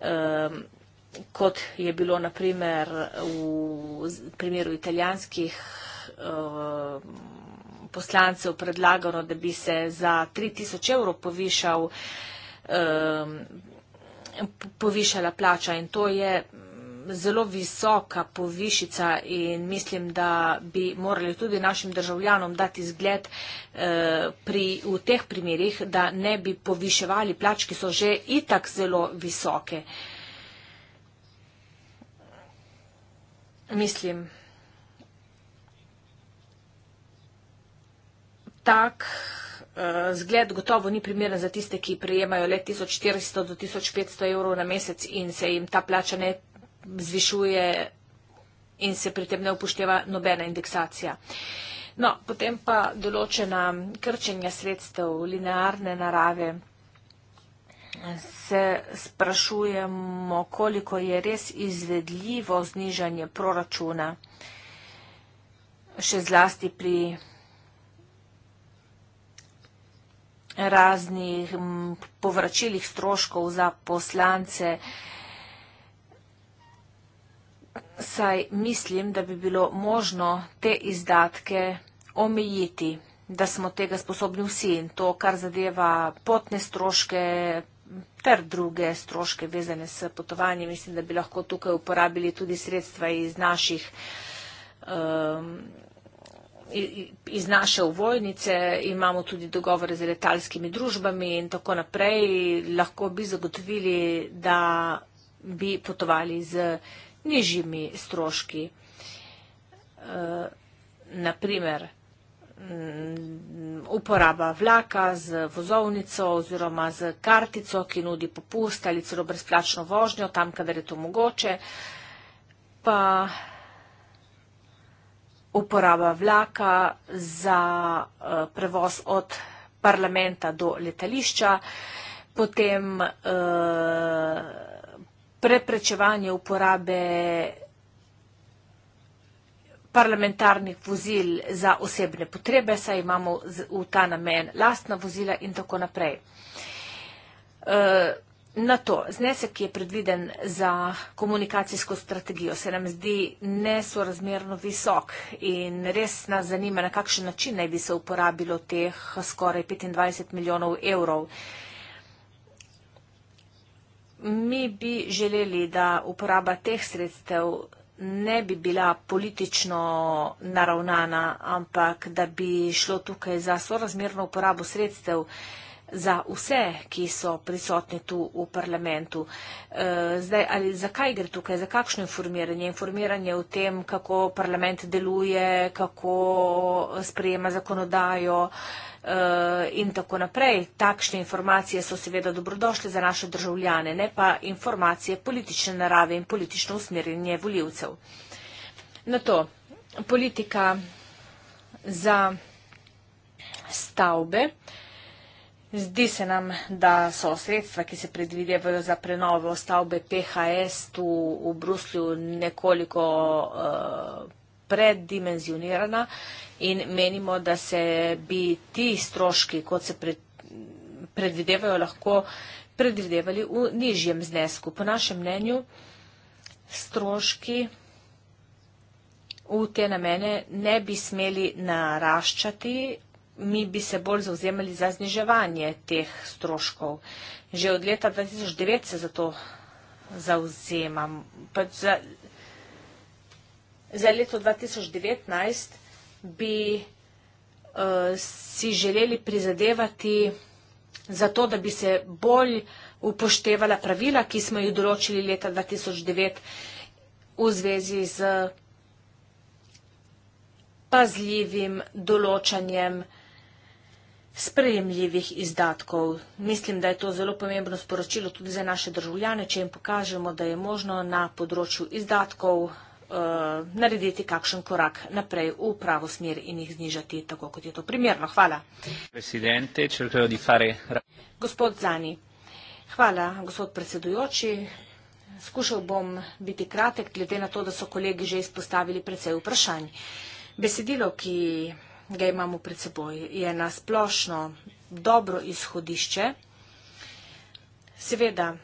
eh, kot je bilo naprimer v primeru italijanskih poslancev predlagano, da bi se za 3000 evrov povišal, povišala plača in to je zelo visoka povišica in mislim, da bi morali tudi našim državljanom dati zgled eh, pri, v teh primerjih, da ne bi poviševali plač, ki so že itak zelo visoke. Mislim, tak eh, zgled gotovo ni primeren za tiste, ki prejemajo le 1400 do 1500 evrov na mesec in se jim ta plača ne zvišuje in se pri tem ne upošteva nobena indeksacija. No, potem pa določena krčenja sredstev linearne narave. Se sprašujemo, koliko je res izvedljivo znižanje proračuna, še zlasti pri raznih povračilih stroškov za poslance saj mislim, da bi bilo možno te izdatke omejiti, da smo tega sposobni vsi in to, kar zadeva potne stroške ter druge stroške vezane s potovanjem. Mislim, da bi lahko tukaj uporabili tudi sredstva iz naših um, iz naše uvojnice, imamo tudi dogovore z letalskimi družbami in tako naprej, lahko bi zagotovili, da bi potovali z letalskimi družbami nižjimi stroški. Eh, Naprimer, mm, uporaba vlaka z vozovnico oziroma z kartico, ki nudi popust ali celo brezplačno vožnjo tam, kadar je to mogoče, pa uporaba vlaka za eh, prevoz od parlamenta do letališča, potem eh, preprečevanje uporabe parlamentarnih vozil za osebne potrebe, saj imamo v ta namen lastna vozila in tako naprej. E, na to, znesek, ki je predviden za komunikacijsko strategijo, se nam zdi nesorazmerno visok in res nas zanima, na kakšen način naj bi se uporabilo teh skoraj 25 milijonov evrov. Mi bi želeli, da uporaba teh sredstev ne bi bila politično naravnana, ampak da bi šlo tukaj za sorazmerno uporabo sredstev, eh, za vse, ki so prisotni tu v parlamentu. E, zdaj, ali, zakaj gre tukaj, za kakšno informiranje? Informiranje o tem, kako parlament deluje, kako sprejema zakonodajo e, in tako naprej. Takšne informacije so seveda dobrodošle za naše državljane, ne pa informacije politične narave in politično usmerjenje voljivcev. Na to, politika za stavbe. Zdi se nam, da so sredstva, ki se predvidevajo za prenovo stavbe PHS tu v Bruslju, nekoliko uh, eh, preddimenzionirana in menimo, da se bi ti stroški, kot se pred, predvidevajo, lahko predvidevali v nižjem znesku. Po našem mnenju, stroški v te namene ne bi smeli naraščati mi bi se bolj zauzemali za zniževanje teh stroškov. Že od leta 2009 se za to zauzemam. Za, za leto 2019 bi uh, si želeli prizadevati za to, da bi se bolj upoštevala pravila, ki smo jih določili leta 2009 v zvezi z pazljivim določanjem sprejemljivih izdatkov. Mislim, da je to zelo pomembno sporočilo tudi za naše državljane, če jim pokažemo, da je možno na področju izdatkov eh, narediti kakšen korak naprej v pravo smer in jih znižati, tako kot je to primerno. Hvala. Gospod Zani, hvala, gospod predsedujoči. Skušal bom biti kratek, glede na to, da so kolegi že izpostavili precej vprašanj. Besedilo, ki ga imamo pred seboj, je na splošno dobro izhodišče. Seveda eh,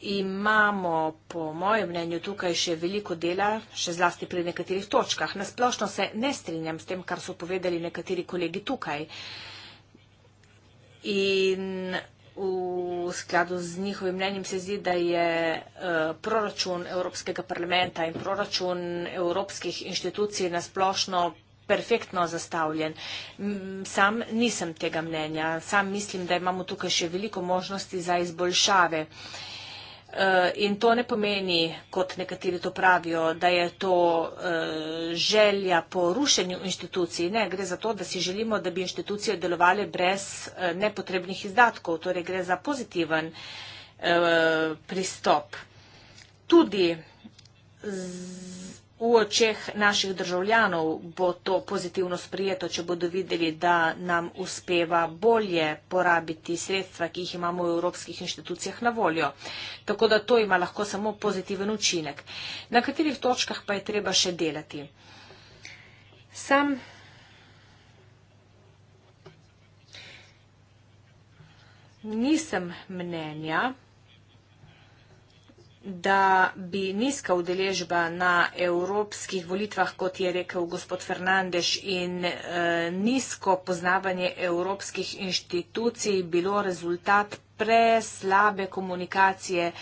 imamo po mojem mnenju tukaj še veliko dela, še zlasti pri nekaterih točkah. Na splošno se ne strinjam s tem, kar so povedali nekateri kolegi tukaj. In v skladu z njihovim mnenjem se zdi, da je eh, proračun Evropskega parlamenta in proračun evropskih inštitucij nasplošno perfektno zastavljen. Sam nisem tega mnenja. Sam mislim, da imamo tukaj še veliko možnosti za izboljšave. Uh, Eh, in to ne pomeni, kot nekateri to pravijo, da je to eh, želja po rušenju inštitucij. Ne, gre za to, da si želimo, da bi inštitucije delovali brez eh, nepotrebnih izdatkov. Torej, gre za pozitiven pristop. Tudi z V očeh naših državljanov bo to pozitivno sprijeto, če bodo videli, da nam uspeva bolje porabiti sredstva, ki jih imamo v evropskih inštitucijah na voljo. Tako da to ima lahko samo pozitiven učinek. Na katerih točkah pa je treba še delati? Sam nisem mnenja, da bi nizka udeležba na evropskih volitvah, kot je rekel gospod Fernandeš, in e, nizko poznavanje evropskih inštitucij bilo rezultat preslabe komunikacije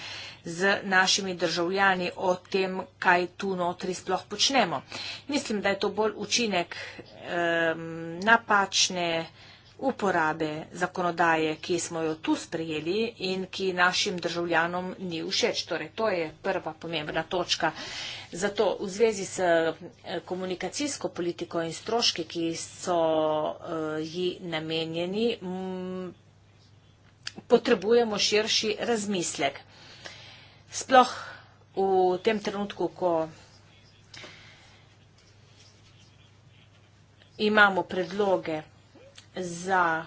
z našimi državljani o tem, kaj tu notri sploh počnemo. Mislim, da je to bolj učinek e, napačne uporabe zakonodaje, ki smo jo tu sprejeli in ki našim državljanom ni všeč. Torej, to je prva pomembna točka. Zato v zvezi s eh, komunikacijsko politiko in stroški, ki so uh, ji namenjeni, mm, potrebujemo širši razmislek. Sploh v tem trenutku, ko imamo predloge, za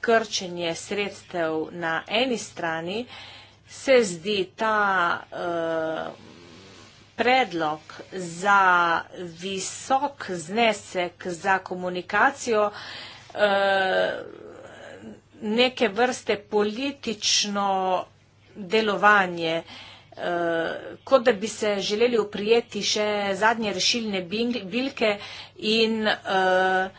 krčenje sredstev na eni strani, se zdi ta eh, predlog za visok znesek za komunikacijo eh, neke vrste politično delovanje, eh, kot da bi se želeli oprijeti še zadnje rešilne bilke in vsega,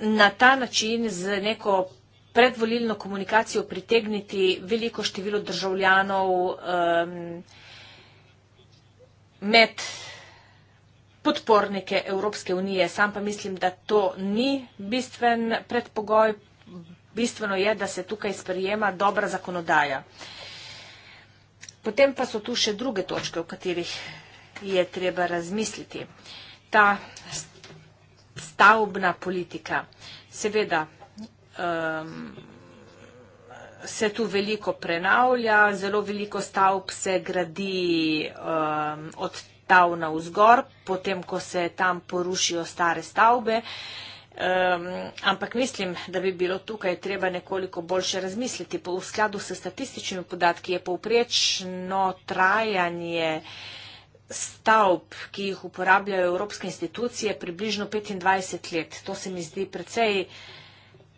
na ta način z neko predvolilno komunikacijo pritegniti veliko število državljanov um, med podpornike Evropske unije. Sam pa mislim, da to ni bistven predpogoj. Bistveno je, da se tukaj sprijema dobra zakonodaja. Potem pa so tu še druge točke, o katerih je treba razmisliti. Ta stavbna politika. Seveda um, se tu veliko prenavlja, zelo veliko stavb se gradi um, od tav na vzgor, potem ko se tam porušijo stare stavbe. Um, ampak mislim, da bi bilo tukaj treba nekoliko boljše razmisliti. Po skladu s statističnimi podatki je povprečno trajanje uh, stavb, ki jih uporabljajo evropske institucije, približno 25 let. To se mi zdi precej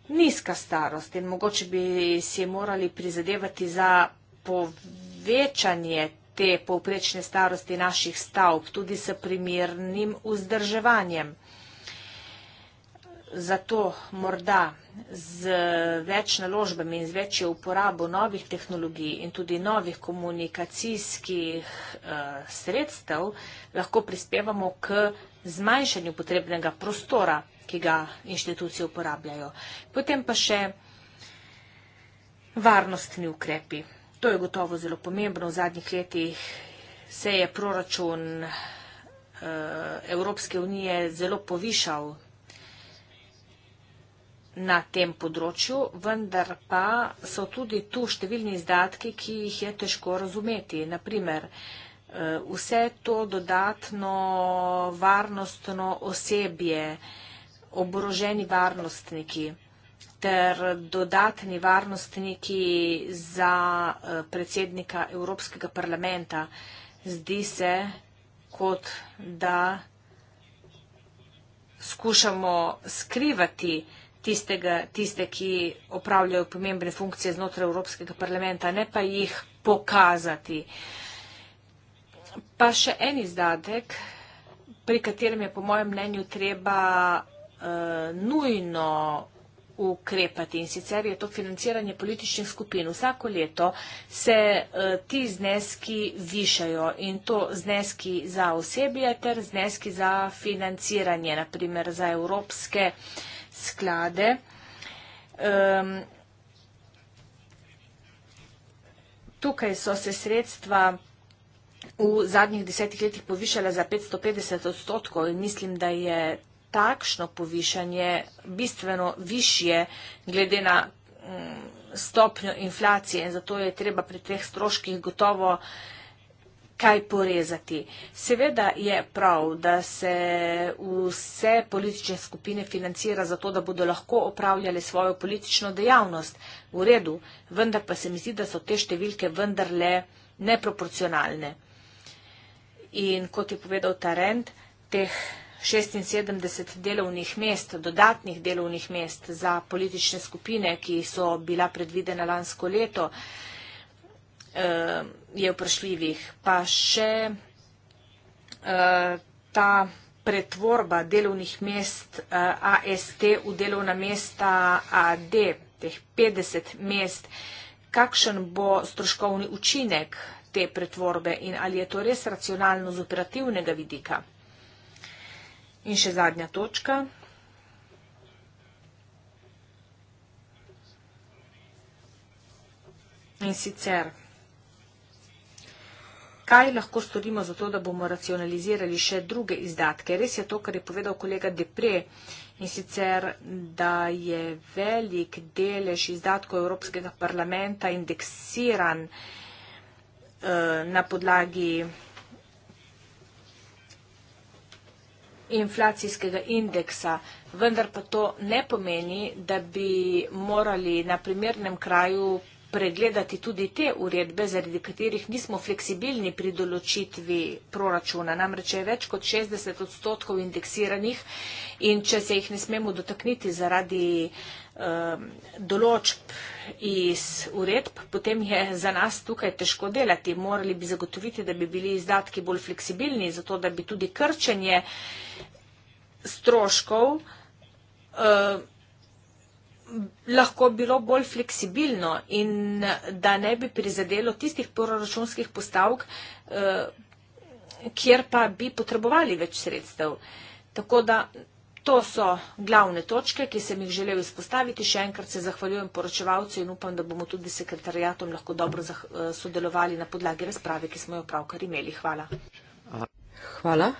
nizka starost in mogoče bi si morali prizadevati za povečanje te povprečne starosti naših stavb, tudi s primernim vzdrževanjem zato morda z več naložbami in z večjo uporabo novih tehnologij in tudi novih komunikacijskih eh, sredstev lahko prispevamo k zmanjšanju potrebnega prostora, ki ga inštitucije uporabljajo. Potem pa še varnostni ukrepi. To je gotovo zelo pomembno. V zadnjih letih se je proračun eh, Evropske unije zelo povišal na tem področju, vendar pa so tudi tu številni izdatki, ki jih je težko razumeti. Naprimer, eh, vse to dodatno varnostno osebje, oboroženi varnostniki ter dodatni varnostniki za eh, predsednika Evropskega parlamenta, zdi se, kot da skušamo skrivati vse, tistega, tiste, ki opravljajo pomembne funkcije znotraj Evropskega parlamenta, ne pa jih pokazati. Pa še en izdatek, pri katerem je po mojem mnenju treba uh, nujno ukrepati in sicer je to financiranje političnih skupin. Vsako leto se uh, ti zneski višajo in to zneski za osebje ter zneski za financiranje, naprimer za evropske uh, sklade. Um, tukaj so se sredstva v zadnjih desetih letih povišala za 550 odstotkov in mislim, da je takšno povišanje bistveno višje glede na mm, stopnjo inflacije in zato je treba pri teh stroških gotovo uh, kaj porezati. Seveda je prav, da se vse politične skupine financira zato, da bodo lahko opravljali svojo politično dejavnost. V redu, vendar pa se mi zdi, da so te številke vendarle neproporcionalne. In kot je povedal Tarend, teh 76 delovnih mest, dodatnih delovnih mest za politične skupine, ki so bila predvidena lansko leto, eh, je vprašljivih. Pa še uh, ta pretvorba delovnih mest uh, eh, AST v delovna mesta AD, teh 50 mest, kakšen bo stroškovni učinek te pretvorbe in ali je to res racionalno z operativnega vidika. In še zadnja točka. In sicer kaj lahko storimo za to, da bomo racionalizirali še druge izdatke. Res je to, kar je povedal kolega Depre in sicer, da je velik delež izdatkov Evropskega parlamenta indeksiran eh, na podlagi inflacijskega indeksa, vendar pa to ne pomeni, da bi morali na primernem kraju pregledati tudi te uredbe, zaradi katerih nismo fleksibilni pri določitvi proračuna. Namreč je več kot 60 odstotkov indeksiranih in če se jih ne smemo dotakniti zaradi um, določb iz uredb, potem je za nas tukaj težko delati. Morali bi zagotoviti, da bi bili izdatki bolj fleksibilni, zato da bi tudi krčenje stroškov um, lahko bilo bolj fleksibilno in da ne bi prizadelo tistih proračunskih postavk, eh, kjer pa bi potrebovali več sredstev. Tako da to so glavne točke, ki sem jih želel izpostaviti. Še enkrat se zahvaljujem poročevalcu in upam, da bomo tudi sekretarijatom lahko dobro eh, sodelovali na podlagi razprave, ki smo jo pravkar imeli. Hvala. Hvala.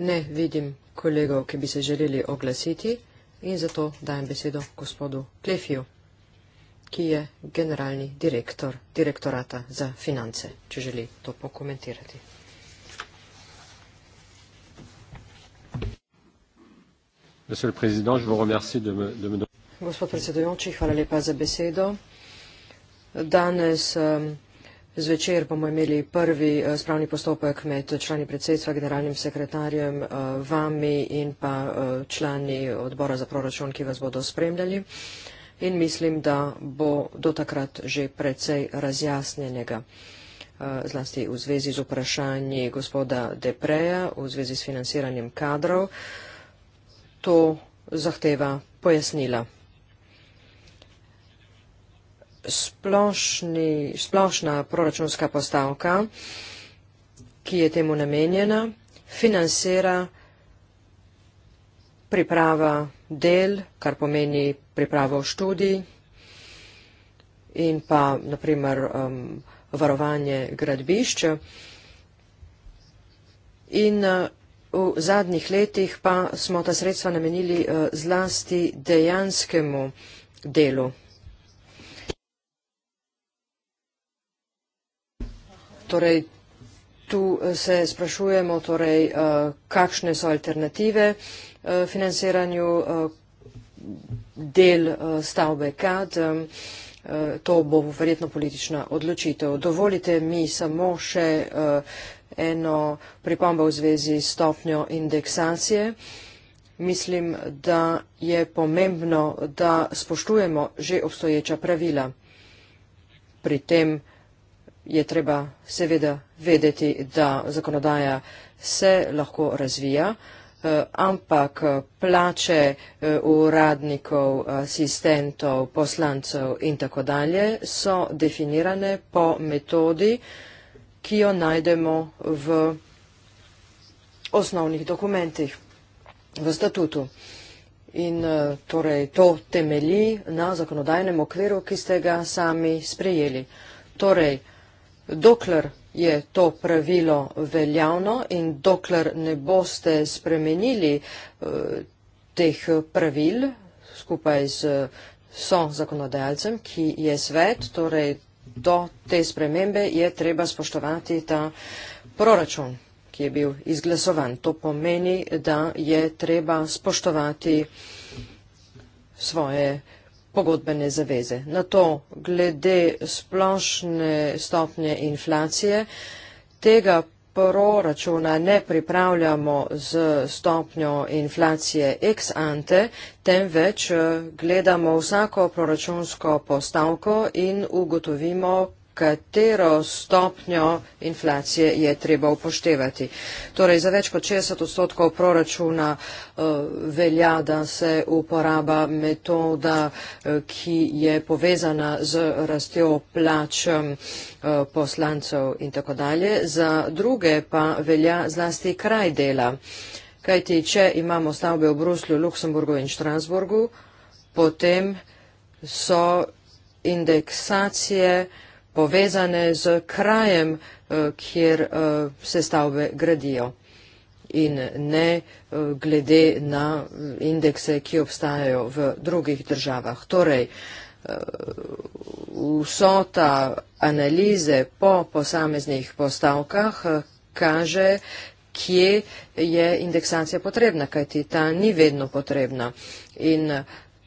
Ne vidim kolegov, ki bi se želeli oglasiti in zato dajem besedo gospodu Klefiju, ki je generalni direktor direktorata za finance, če želi to pokomentirati. Gospod predsedujoči, hvala lepa za besedo. Danes um, Zvečer bomo imeli prvi eh, spravni postopek med člani predsedstva, generalnim sekretarjem, eh, vami in pa eh, člani odbora za proračun, ki vas bodo spremljali. In mislim, da bo do takrat že precej razjasnjenega zlasti v zvezi z vprašanji gospoda Depreja, v zvezi s financiranjem kadrov. To zahteva pojasnila splošni, splošna proračunska postavka, ki je temu namenjena, financira priprava del, kar pomeni pripravo študij in pa naprimer um, varovanje gradbišč. In uh, v zadnjih letih pa smo ta sredstva namenili uh, zlasti dejanskemu delu torej, tu eh, se sprašujemo, torej, eh, kakšne so alternative eh, financiranju del stavbe KAD. To bo verjetno politična odločitev. Dovolite mi samo še eno pripombo v zvezi s stopnjo indeksacije. Mislim, da je pomembno, da spoštujemo že obstoječa pravila. Pri tem je treba seveda vedeti, da zakonodaja se lahko razvija, eh, ampak plače eh, uradnikov, asistentov, poslancev in tako dalje so definirane po metodi, ki jo najdemo v osnovnih dokumentih, v statutu. In eh, torej to temelji na zakonodajnem okviru, ki ste ga sami sprejeli. Torej, dokler je to pravilo veljavno in dokler ne boste spremenili eh, teh pravil skupaj z so zakonodajalcem, ki je svet, torej do te spremembe je treba spoštovati ta proračun, ki je bil izglasovan. To pomeni, da je treba spoštovati svoje pogodbene zaveze. Na to, glede splošne stopnje inflacije, tega proračuna ne pripravljamo z stopnjo inflacije ex ante, temveč eh, gledamo vsako proračunsko postavko in ugotovimo, katero stopnjo inflacije je treba upoštevati. Torej, za več kot 60 odstotkov proračuna eh, velja, da se uporaba metoda, eh, ki je povezana z rastjo plač eh, poslancev in tako dalje. Za druge pa velja zlasti kraj dela. Kajti, če imamo stavbe v Bruslju, Luksemburgu in Štrasburgu, potem so indeksacije uh, povezane z krajem, eh, kjer eh, se stavbe gradijo in ne eh, glede na indekse, ki obstajajo v drugih državah. Torej, vso ta analize po posameznih postavkah kaže, kje je indeksacija potrebna, kajti ta ni vedno potrebna. In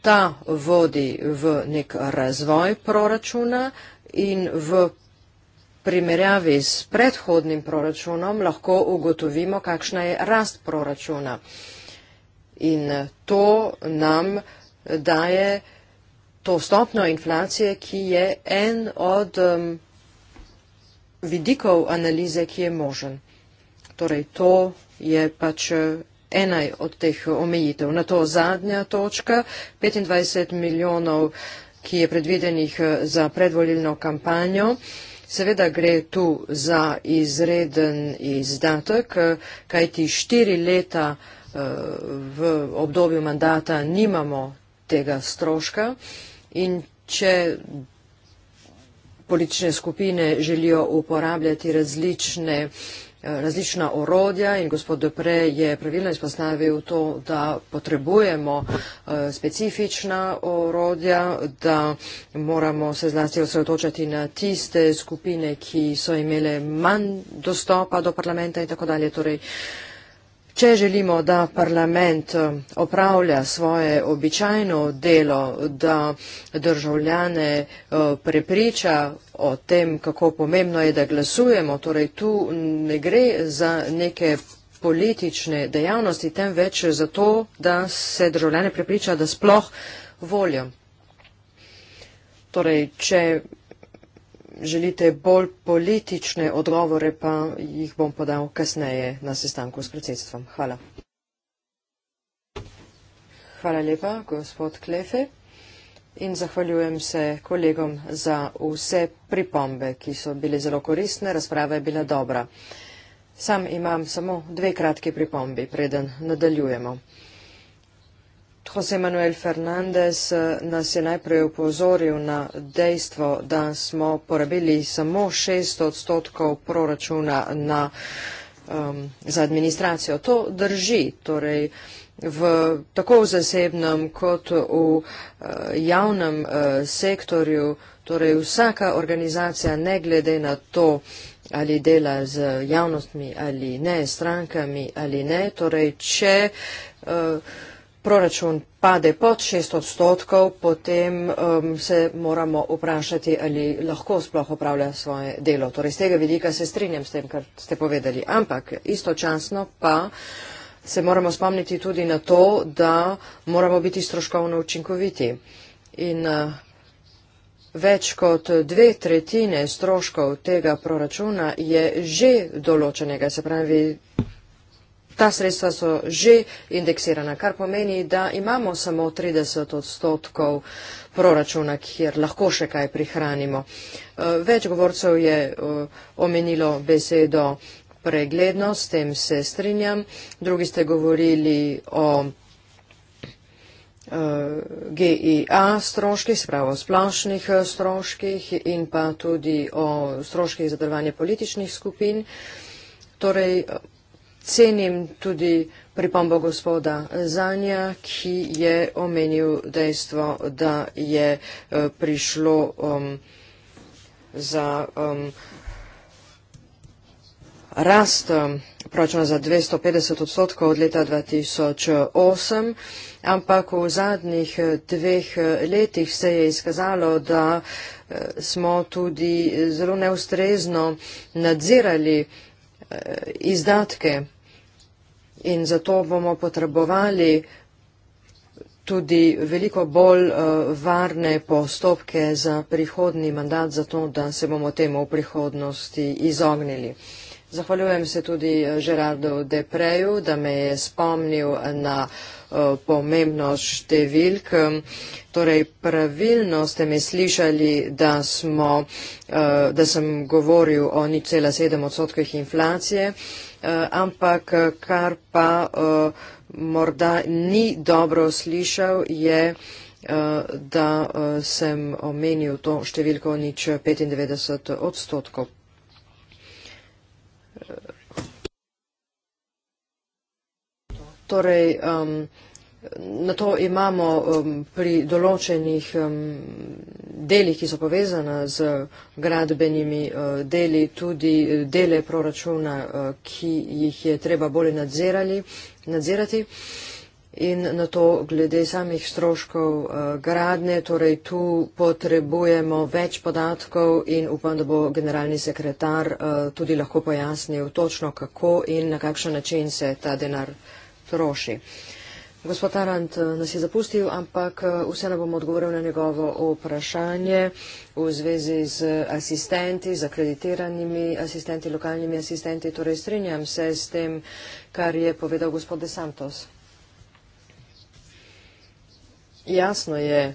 ta vodi v nek razvoj proračuna, in v primerjavi s predhodnim proračunom lahko ugotovimo, kakšna je rast proračuna. In to nam daje to stopno inflacije, ki je en od um, vidikov analize, ki je možen. Torej, to je pač uh, ena od teh omejitev. Na to zadnja točka, 25 milijonov ki je predvidenih eh, za predvolilno kampanjo. Seveda gre tu za izreden izdatek, eh, kajti štiri leta eh, v obdobju mandata nimamo tega stroška in če politične skupine želijo uporabljati različne različna orodja in gospod Dopre je pravilno izpostavil to, da potrebujemo eh, specifična orodja, da moramo se zlasti osredotočati na tiste skupine, ki so imele manj dostopa do parlamenta in tako dalje. Torej, Če želimo, da parlament eh, opravlja svoje običajno delo, da državljane eh, prepriča o tem, kako pomembno je, da glasujemo, torej tu ne gre za neke politične dejavnosti, temveč za to, da se državljane prepriča, da sploh volijo. Torej, če želite bolj politične odgovore, pa jih bom podal kasneje na sestanku s predsedstvom. Hvala. Hvala lepa, gospod Klefe. In zahvaljujem se kolegom za vse pripombe, ki so bile zelo koristne, razprava je bila dobra. Sam imam samo dve kratke pripombi, preden nadaljujemo. Jose Manuel Fernandez eh, nas je najprej upozoril na dejstvo, da smo porabili samo šest odstotkov proračuna na, um, za administracijo. To drži, torej v, tako v zasebnem kot v uh, javnem uh, sektorju, torej vsaka organizacija, ne glede na to, ali dela z javnostmi ali ne, strankami ali ne, torej če. Uh, proračun pade pod šest odstotkov, potem um, se moramo vprašati, ali lahko sploh upravlja svoje delo. Torej, z tega vidika se strinjam s tem, kar ste povedali. Ampak istočasno pa se moramo spomniti tudi na to, da moramo biti stroškovno učinkoviti. In uh, več kot dve tretjine stroškov tega proračuna je že določenega, se pravi, Ta sredstva so že indeksirana, kar pomeni, da imamo samo 30 odstotkov proračuna, kjer lahko še kaj prihranimo. Eh, več govorcev je eh, omenilo besedo pregledno, s tem se strinjam. Drugi ste govorili o eh, GIA stroških, spravo splošnih stroških in pa tudi o stroških zadrvanja političnih skupin. Torej, cenim tudi pripombo gospoda Zanja, ki je omenil dejstvo, da je eh, prišlo um, za um, rast um, pročno za 250 odstotkov od leta 2008, ampak v zadnjih eh, dveh eh, letih se je izkazalo, da smo tudi zelo neustrezno nadzirali izdatke in zato bomo potrebovali tudi veliko bolj eh, varne postopke za prihodni mandat, zato da se bomo temu v prihodnosti izognili. Zahvaljujem se tudi Žerardu eh, Depreju, da me je spomnil na eh, pomembno številk. Torej, pravilno ste me slišali, da, smo, da sem govoril o 0,7 odstotkih inflacije. Eh, ampak eh, kar pa eh, morda ni dobro slišal je, da sem omenil to številko nič 95 odstotkov. Torej, um, Na to imamo um, pri določenih um, delih, ki so povezana z gradbenimi uh, deli, tudi uh, dele proračuna, uh, ki jih je treba bolje nadzirati. In na to glede samih stroškov uh, gradne, torej tu potrebujemo več podatkov in upam, da bo generalni sekretar uh, tudi lahko pojasnil točno, kako in na kakšen način se ta denar troši. Uh, Gospod Tarant eh, nas je zapustil, ampak eh, vseeno bom odgovoril na njegovo vprašanje v zvezi z asistenti, z akreditiranimi asistenti, lokalnimi asistenti. Torej strinjam se s tem, kar je povedal gospod De Santos. Jasno je,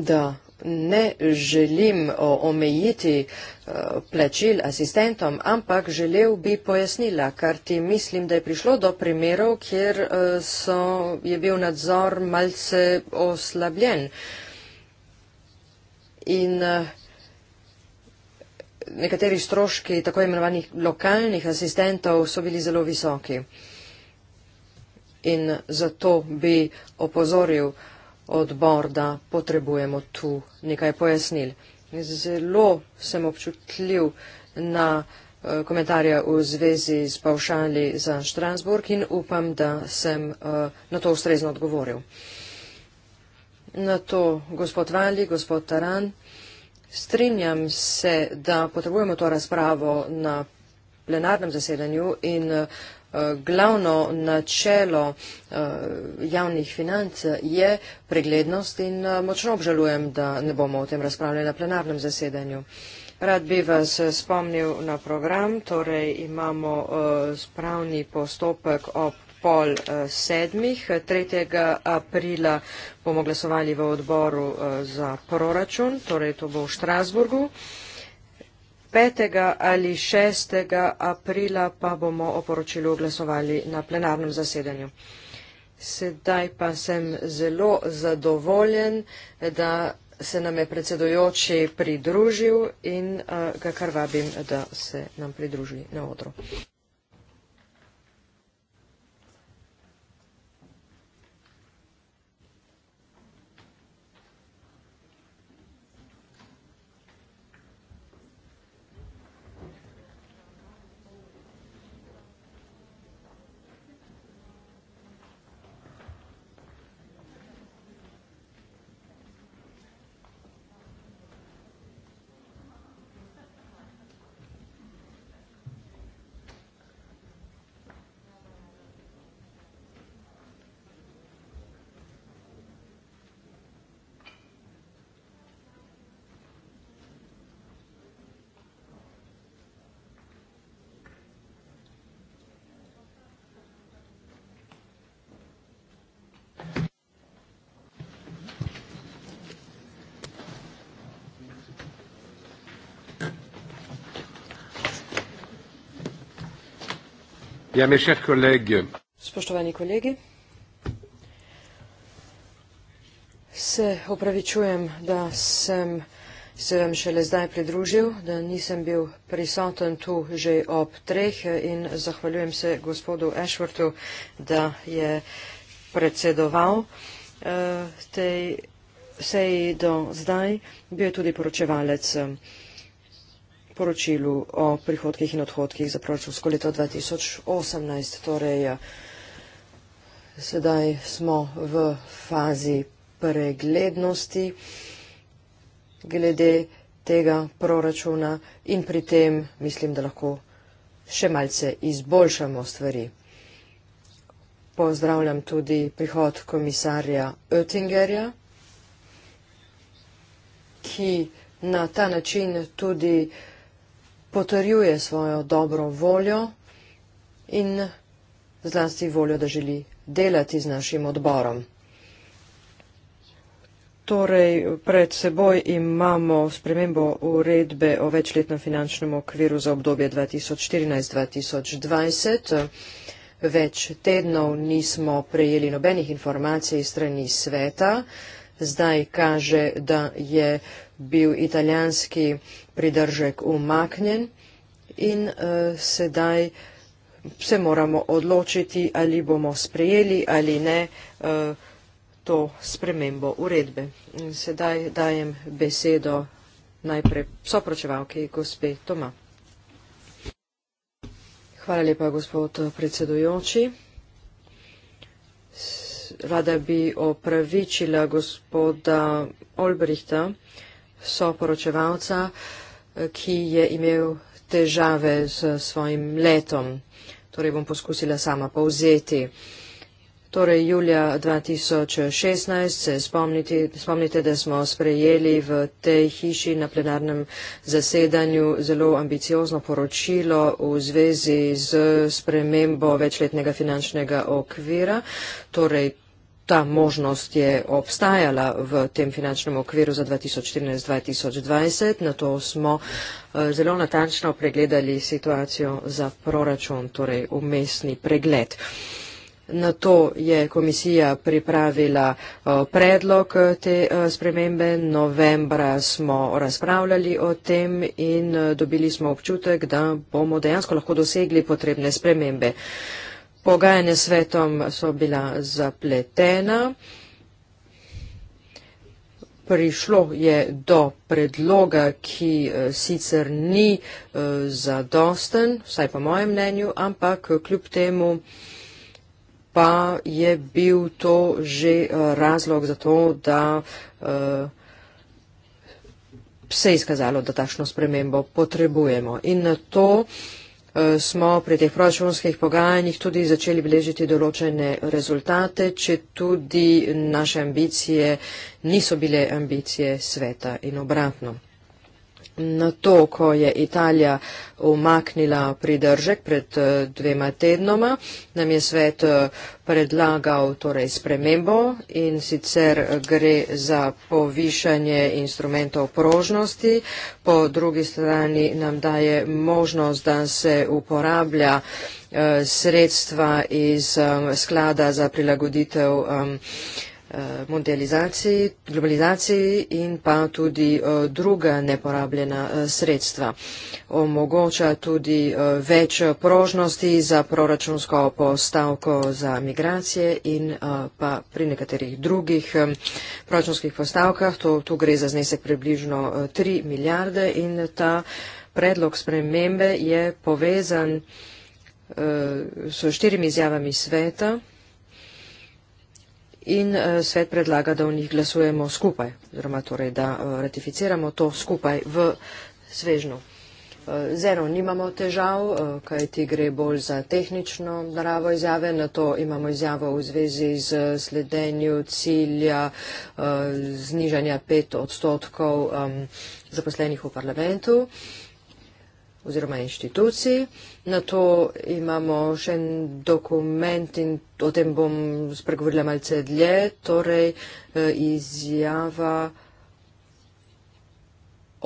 da ne želim omejiti e, plačil asistentom, ampak želel bi pojasnila, kar ti mislim, da je prišlo do primerov, kjer e, so, je bil nadzor malce oslabljen. In e, nekateri stroški tako imenovanih lokalnih asistentov so bili zelo visoki. In zato bi opozoril, da odbor, da potrebujemo tu nekaj pojasnil. Zelo sem občutljiv na eh, komentarja v zvezi s pavšali za Štransburg in upam, da sem eh, na to ustrezno odgovoril. Na to gospod Vali, gospod Taran, strinjam se, da potrebujemo to razpravo na plenarnem zasedanju in uh, Eh, glavno načelo eh, javnih financ je preglednost in eh, močno obžalujem, da ne bomo o tem razpravljali na plenarnem zasedanju. Rad bi vas spomnil na program, torej imamo spravni postopek ob pol sedmih. 3. aprila bomo glasovali v odboru za proračun, torej to bo v Štrasburgu. 5. ali 6. aprila pa bomo o poročilu glasovali na plenarnem zasedanju. Sedaj pa sem zelo zadovoljen, da se nam je predsedojoči pridružil in uh, ga kar vabim, da se nam pridruži na odru. Ja, Spoštovani kolegi, se opravičujem, da sem se vam šele zdaj pridružil, da nisem bil prisoten tu že ob treh in zahvaljujem se gospodu Ashwortu, da je predsedoval eh, tej seji do zdaj, bil je tudi poročevalec poročilu o prihodkih in odhodkih za proračunsko leto 2018. Torej, eh, sedaj smo v fazi preglednosti glede tega proračuna in pri tem mislim, da lahko še malce izboljšamo stvari. Pozdravljam tudi prihod komisarja Oettingerja, ki na ta način tudi potrjuje svojo dobro voljo in zlasti voljo, da želi delati z našim odborom. Torej, pred seboj imamo spremembo uredbe o večletnem finančnem okviru za obdobje 2014-2020. Več tednov nismo prejeli nobenih informacij iz strani sveta. Zdaj kaže, da je bil italijanski pridržek umaknjen in uh, sedaj se moramo odločiti, ali bomo sprejeli ali ne uh, to spremembo uredbe. In sedaj dajem besedo najprej sopročevalki gospe Toma. Hvala lepa, gospod eh, predsedujoči. Rada bi opravičila gospoda Olbrihta, soporočevalca, eh, ki je imel težave z svojim letom. Torej bom poskusila sama povzeti. Torej, julija 2016 se spomnite, spomnite, da smo sprejeli v tej hiši na plenarnem zasedanju zelo ambiciozno poročilo v zvezi z spremembo večletnega finančnega okvira, torej ta možnost je obstajala v tem finančnem okviru za 2014-2020. Na to smo eh, zelo natančno pregledali situacijo za proračun, torej umestni pregled. Na to je komisija pripravila eh, predlog eh, te spremembe. Novembra smo razpravljali o tem in dobili smo občutek, da bomo dejansko lahko dosegli potrebne spremembe pogajanja s svetom so bila zapletena. Prišlo je do predloga, ki eh, sicer ni eh, zadosten, vsaj po mojem mnenju, ampak eh, kljub temu pa je bil to že razlog za to, da se je izkazalo, da tašno spremembo potrebujemo. In to smo pri teh proračunskih pogajanjih tudi začeli beležiti določene rezultate, če tudi naše ambicije niso bile ambicije sveta in obratno. Na to, ko je Italija umaknila pridržek pred eh, dvema tednoma, nam je svet eh, predlagal torej spremembo in sicer gre za povišanje instrumentov prožnosti, po drugi strani nam daje možnost, da se uporablja eh, sredstva iz sklada za prilagoditev Eh, mondializaciji, globalizaciji in pa tudi eh, druga neporabljena eh, sredstva. Omogoča tudi več prožnosti za proračunsko postavko za migracije in pa pri nekaterih drugih proračunskih postavkah. To, tu gre za znesek približno 3 milijarde in ta predlog spremembe je povezan s štirimi izjavami sveta in eh, svet predlaga, da o njih glasujemo skupaj, oziroma torej, da eh, ratificiramo to skupaj v svežnu. Eh, z eno nimamo težav, kaj ti gre bolj za tehnično naravo izjave, na to imamo izjavo v zvezi z sledenju cilja znižanja pet odstotkov zaposlenih v parlamentu oziroma inštituciji. Na to imamo še en dokument in o tem bom spregovorila malce dlje, torej eh, izjava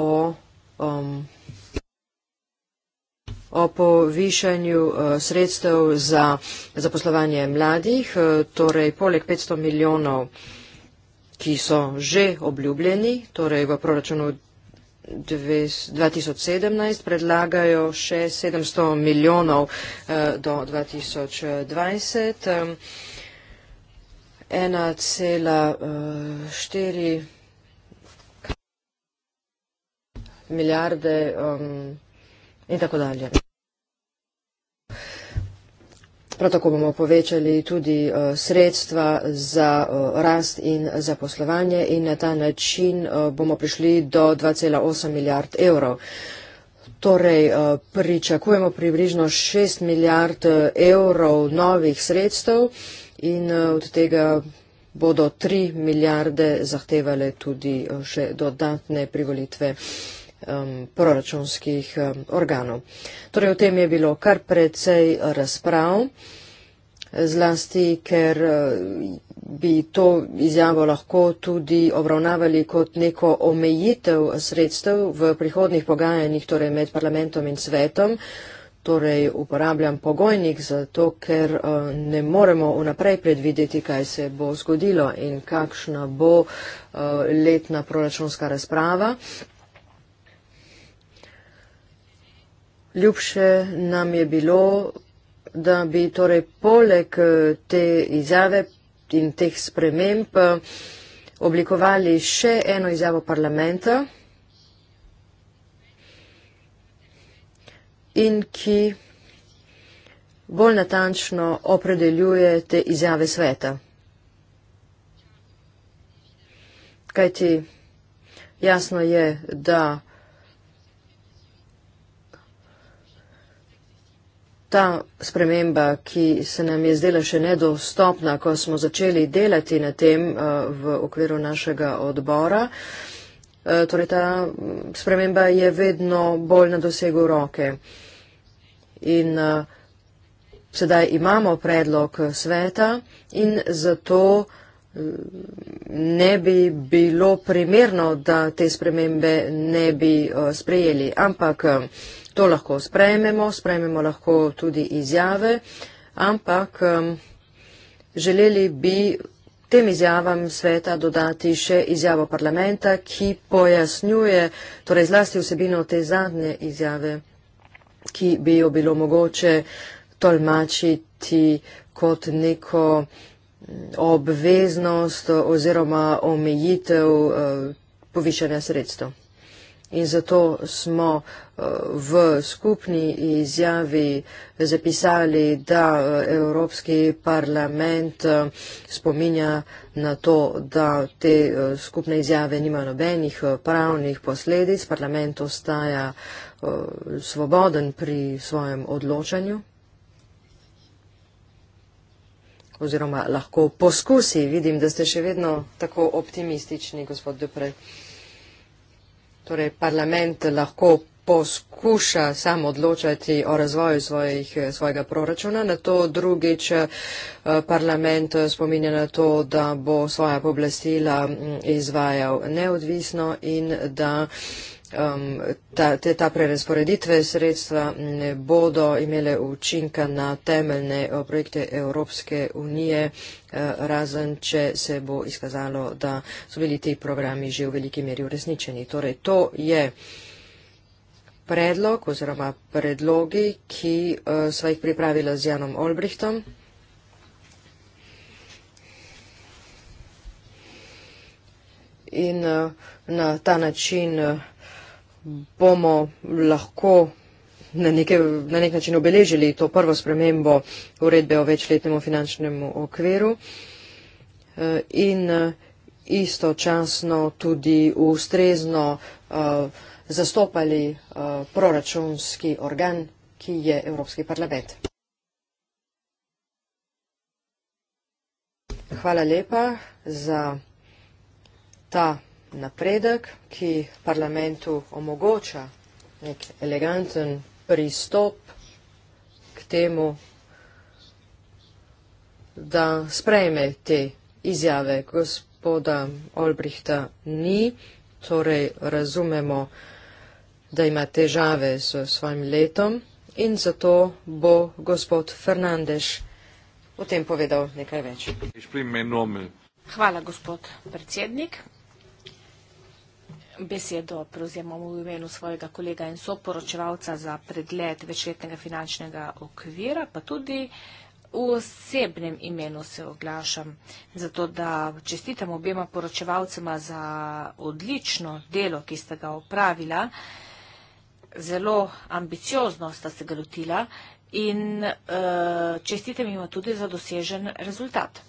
o, um, o povišanju uh, sredstev za zaposlovanje mladih, eh, torej poleg 500 milijonov, ki so že obljubljeni, torej v proračunu 2017, predlagajo še 700 milijonov do 2020. 1,4 milijarde um, in tako dalje. Prav tako bomo povečali tudi eh, sredstva za eh, rast in zaposlovanje in na ta način eh, bomo prišli do 2,8 milijard evrov. Torej, pričakujemo približno 6 milijard evrov novih sredstev in od tega bodo 3 milijarde zahtevale tudi še dodatne privolitve um, proračunskih um, organov. Torej o tem je bilo kar precej razprav, zlasti ker uh, bi to izjavo lahko tudi obravnavali kot neko omejitev sredstev v prihodnih pogajanjih torej med parlamentom in svetom. Torej uporabljam pogojnik zato, ker uh, ne moremo vnaprej predvideti, kaj se bo zgodilo in kakšna bo uh, letna proračunska razprava. Ljubše nam je bilo, da bi torej poleg eh, te izjave in teh sprememb eh, oblikovali še eno izjavo parlamenta in ki bolj natančno opredeljuje te izjave sveta. Kajti jasno je, da Ta sprememba, ki se nam je zdela še nedostopna, ko smo začeli delati na tem eh, v okviru našega odbora, eh, torej ta mm, sprememba je vedno bolj na dosegu roke. In eh, sedaj imamo predlog sveta in zato ne bi bilo primerno, da te spremembe ne bi sprejeli. Ampak To lahko sprejmemo, sprejmemo lahko tudi izjave, ampak um, želeli bi tem izjavam sveta dodati še izjavo parlamenta, ki pojasnjuje torej zlasti vsebino te zadnje izjave, ki bi jo bilo mogoče tolmačiti kot neko mm, obveznost oziroma omejitev uh, povišanja sredstev. In zato smo eh, v skupni izjavi zapisali, da eh, Evropski parlament eh, spominja na to, da te skupne izjave nima nobenih pravnih posledic. Parlament ostaja svoboden pri svojem odločanju oziroma lahko poskusi. Vidim, da ste še vedno tako optimistični, gospod Dupre torej parlament lahko poskuša sam odločati o razvoju svojih, svojega proračuna, na to drugič eh, parlament eh, spominja na to, da bo svoja poblastila mm, izvajal neodvisno in da um, ta, te, ta prerazporeditve sredstva ne bodo imele učinka na temeljne eh, projekte Evropske unije, eh, razen če se bo izkazalo, da so bili ti programi že v veliki meri uresničeni. Torej, to je predlog oziroma predlogi, ki uh, sva jih pripravila z Janom Olbrichtom. In uh, na ta način uh, bomo lahko na, neke, na nek način obeležili to prvo spremembo uredbe o večletnemu finančnemu okviru eh, in eh, istočasno tudi ustrezno eh, zastopali proračunski organ, ki je Evropski parlament. Hvala lepa za ta napredek, ki parlamentu omogoča nek eleganten pristop k temu, da sprejme te izjave gospoda Olbrihta ni, torej razumemo, da ima težave s svojim letom in zato bo gospod Fernandeš o tem povedal nekaj več. Hvala, gospod predsednik besedo prevzemam v imenu svojega kolega in soporočevalca za pregled večletnega finančnega okvira, pa tudi v osebnem imenu se oglašam, zato da čestitam obema poročevalcema za odlično delo, ki ste ga opravila, zelo ambiciozno sta se ga lotila in uh, čestitam jima tudi za dosežen rezultat.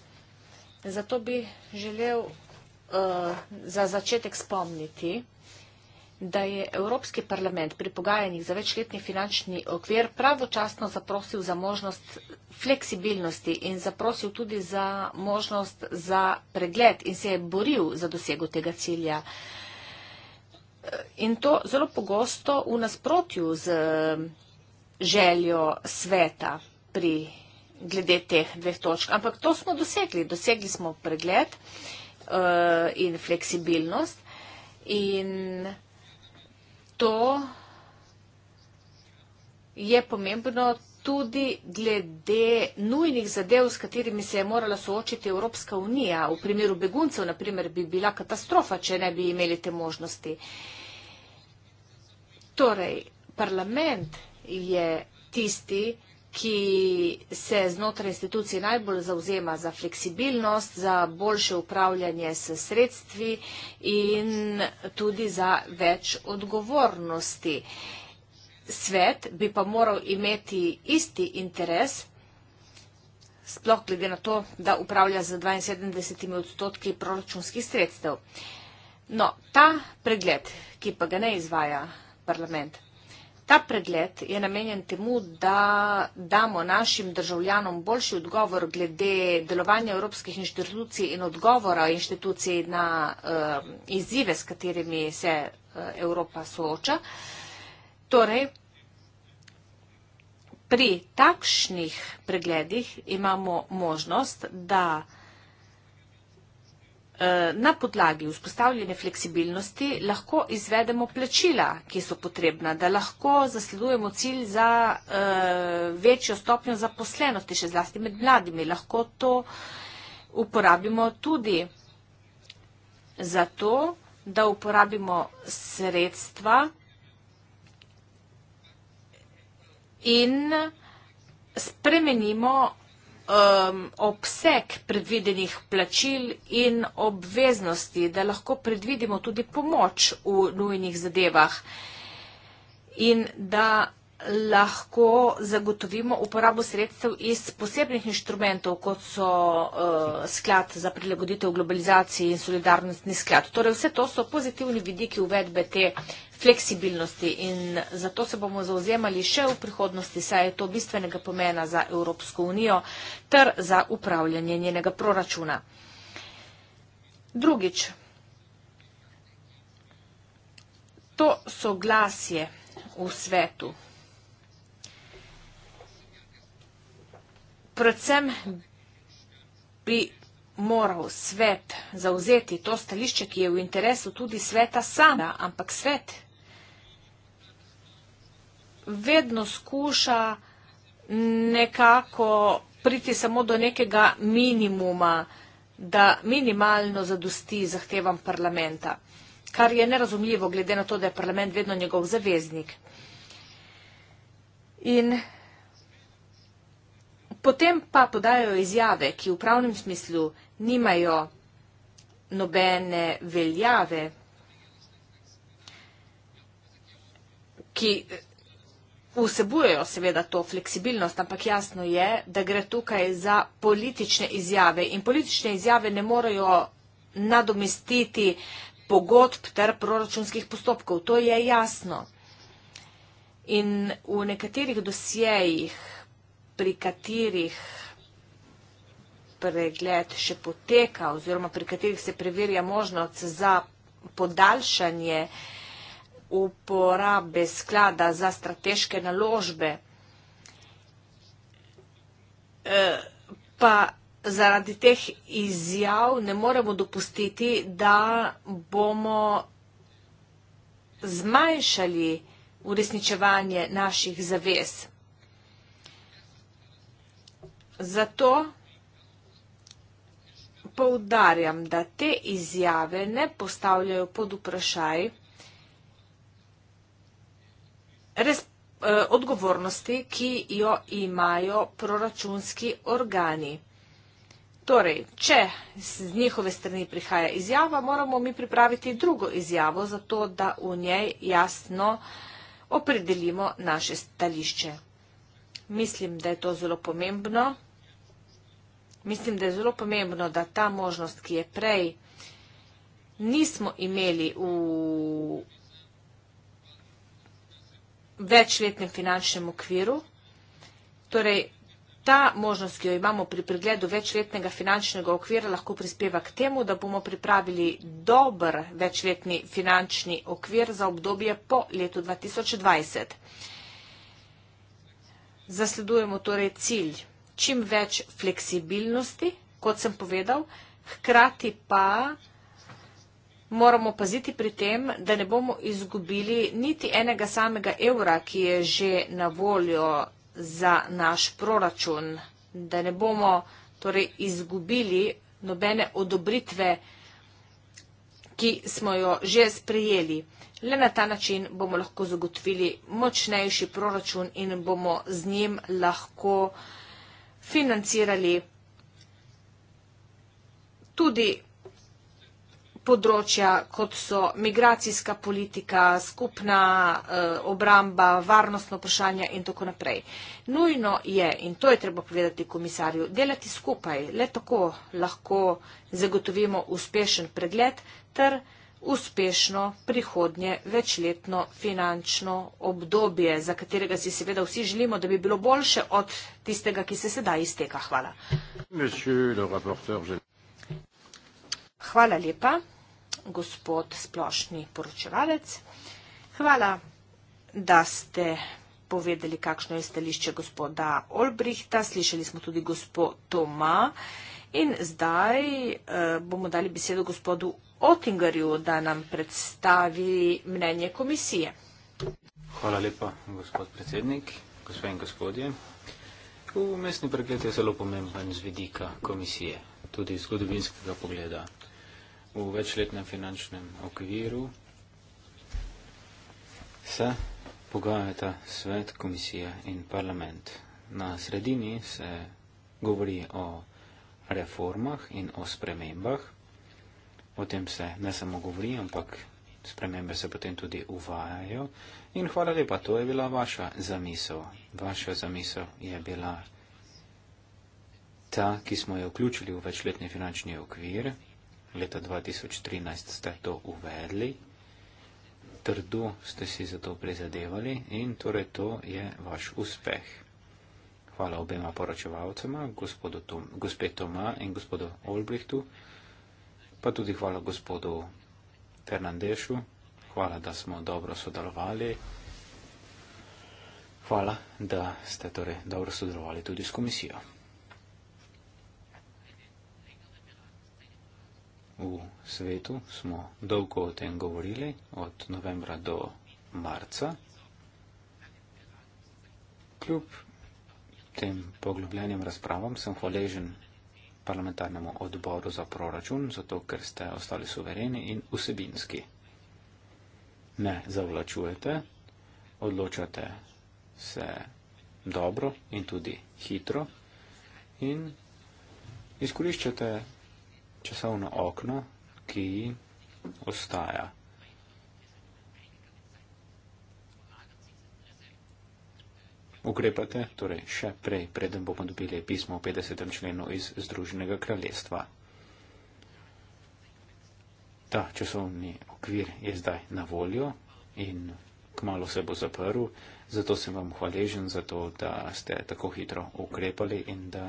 Zato bi želel Eh, za začetek spomniti, da je Evropski parlament pri pogajanjih za večletni finančni okvir pravočasno zaprosil za možnost fleksibilnosti in zaprosil tudi za možnost za pregled in se je boril za dosego tega cilja. In to zelo pogosto v nasprotju z željo sveta pri glede teh dveh točk. Ampak to smo dosegli. Dosegli smo pregled. Uh, uh, in fleksibilnost. In to je pomembno tudi glede nujnih zadev, s katerimi se je morala soočiti Evropska unija. V primeru beguncev, na primer, bi bila katastrofa, če ne bi imeli te možnosti. Torej, parlament je tisti, ki se znotraj institucij najbolj zauzema za fleksibilnost, za boljše upravljanje s sredstvi in tudi za več odgovornosti. Svet bi pa moral imeti isti interes, sploh glede na to, da upravlja z 72 odstotki proračunskih sredstev. No, ta pregled, ki pa ga ne izvaja parlament, Ta pregled je namenjen temu, da damo našim državljanom boljši odgovor glede delovanja evropskih inštitucij in odgovora inštitucij na uh, izzive, s katerimi se uh, Evropa sooča. Torej, pri takšnih pregledih imamo možnost, da Eh, na podlagi vzpostavljene fleksibilnosti lahko izvedemo plačila, ki so potrebna, da lahko zasledujemo cilj za eh, večjo stopnjo zaposlenosti, še zlasti med mladimi. Lahko to uporabimo tudi za to, da uporabimo sredstva in spremenimo vsega, um, obseg predvidenih plačil in obveznosti, da lahko predvidimo tudi pomoč v nujnih zadevah in da lahko zagotovimo uporabo sredstev iz posebnih inštrumentov, kot so uh, sklad za prilagoditev globalizaciji in solidarnostni sklad. Torej vse to so pozitivni vidiki uvedbe te fleksibilnosti in zato se bomo zauzemali še v prihodnosti, saj je to bistvenega pomena za Evropsko unijo ter za upravljanje njenega proračuna. Drugič, to so glasje v svetu. predvsem bi moral svet zauzeti to stališče, ki je v interesu tudi sveta sama, ampak svet vedno skuša nekako priti samo do nekega minimuma, da minimalno zadosti zahtevam parlamenta, kar je nerazumljivo, glede na to, da je parlament vedno njegov zaveznik. In Potem pa podajo izjave, ki v pravnem smislu nimajo nobene veljave, ki eh, vsebujejo seveda to fleksibilnost, ampak jasno je, da gre tukaj za politične izjave in politične izjave ne morajo nadomestiti pogodb ter proračunskih postopkov. To je jasno. In v nekaterih dosjejih pri katerih pregled še poteka oziroma pri katerih se preverja možnost za podaljšanje uporabe sklada za strateške naložbe, e, pa zaradi teh izjav ne moremo dopustiti, da bomo zmanjšali uresničevanje naših zavez. Zato poudarjam, da te izjave ne postavljajo pod vprašaj res, eh, odgovornosti, ki jo imajo proračunski organi. Torej, če z njihove strani prihaja izjava, moramo mi pripraviti drugo izjavo, zato da v njej jasno opredelimo naše stališče. Mislim, da je to zelo pomembno. Mislim, da je zelo pomembno, da ta možnost, ki je prej nismo imeli v večletnem finančnem okviru, torej ta možnost, ki jo imamo pri pregledu večletnega finančnega okvira, lahko prispeva k temu, da bomo pripravili dober večletni finančni okvir za obdobje po letu 2020. Zasledujemo torej cilj čim več fleksibilnosti, kot sem povedal, hkrati pa moramo paziti pri tem, da ne bomo izgubili niti enega samega evra, ki je že na voljo za naš proračun, da ne bomo torej izgubili nobene odobritve, ki smo jo že sprejeli. Le na ta način bomo lahko zagotovili močnejši proračun in bomo z njim lahko uh, financirali tudi področja, kot so migracijska politika, skupna eh, obramba, varnostno vprašanje in tako naprej. Nujno je, in to je treba povedati komisarju, delati skupaj, le tako lahko zagotovimo uspešen pregled ter vsega, uspešno prihodnje večletno finančno obdobje, za katerega si seveda vsi želimo, da bi bilo boljše od tistega, ki se sedaj izteka. Hvala. Hvala lepa, gospod splošni poročevalec. Hvala, da ste povedali, kakšno je stališče gospoda Olbrihta. Slišali smo tudi gospod Toma. In zdaj eh, bomo dali besedo gospodu Otingarju, da nam predstavi mnenje komisije. Hvala lepa, gospod predsednik, gospod in gospodje. Umestni pregled je zelo pomemben z vidika komisije, tudi iz zgodovinskega pogleda. V večletnem finančnem okviru se pogajata svet, komisija in parlament. Na sredini se govori o reformah in o spremembah, O tem se ne samo govori, ampak spremembe se potem tudi uvajajo. In hvala lepa, to je bila vaša zamisel. Vaša zamisel je bila ta, ki smo jo vključili v večletni finančni okvir. Leta 2013 ste to uvedli. Trdo ste si za to prizadevali in torej to je vaš uspeh. Hvala obema poročevalcema, gospe Toma in gospodu Olbrichtu pa tudi hvala gospodu Fernandešu, hvala, da smo dobro sodelovali. Hvala, da ste torej dobro sodelovali tudi s komisijo. V svetu smo dolgo o tem govorili, od novembra do marca. Kljub tem poglobljenim razpravam sem hvaležen parlamentarnemu odboru za proračun, zato ker ste ostali suvereni in vsebinski. Ne zavlačujete, odločate se dobro in tudi hitro in izkoriščate časovno okno, ki ostaja. ukrepate, torej še prej, preden bomo dobili pismo o 50. členu iz Združenega kraljestva. Ta časovni okvir je zdaj na voljo in kmalo se bo zaprl, zato sem vam hvaležen za to, da ste tako hitro ukrepali in da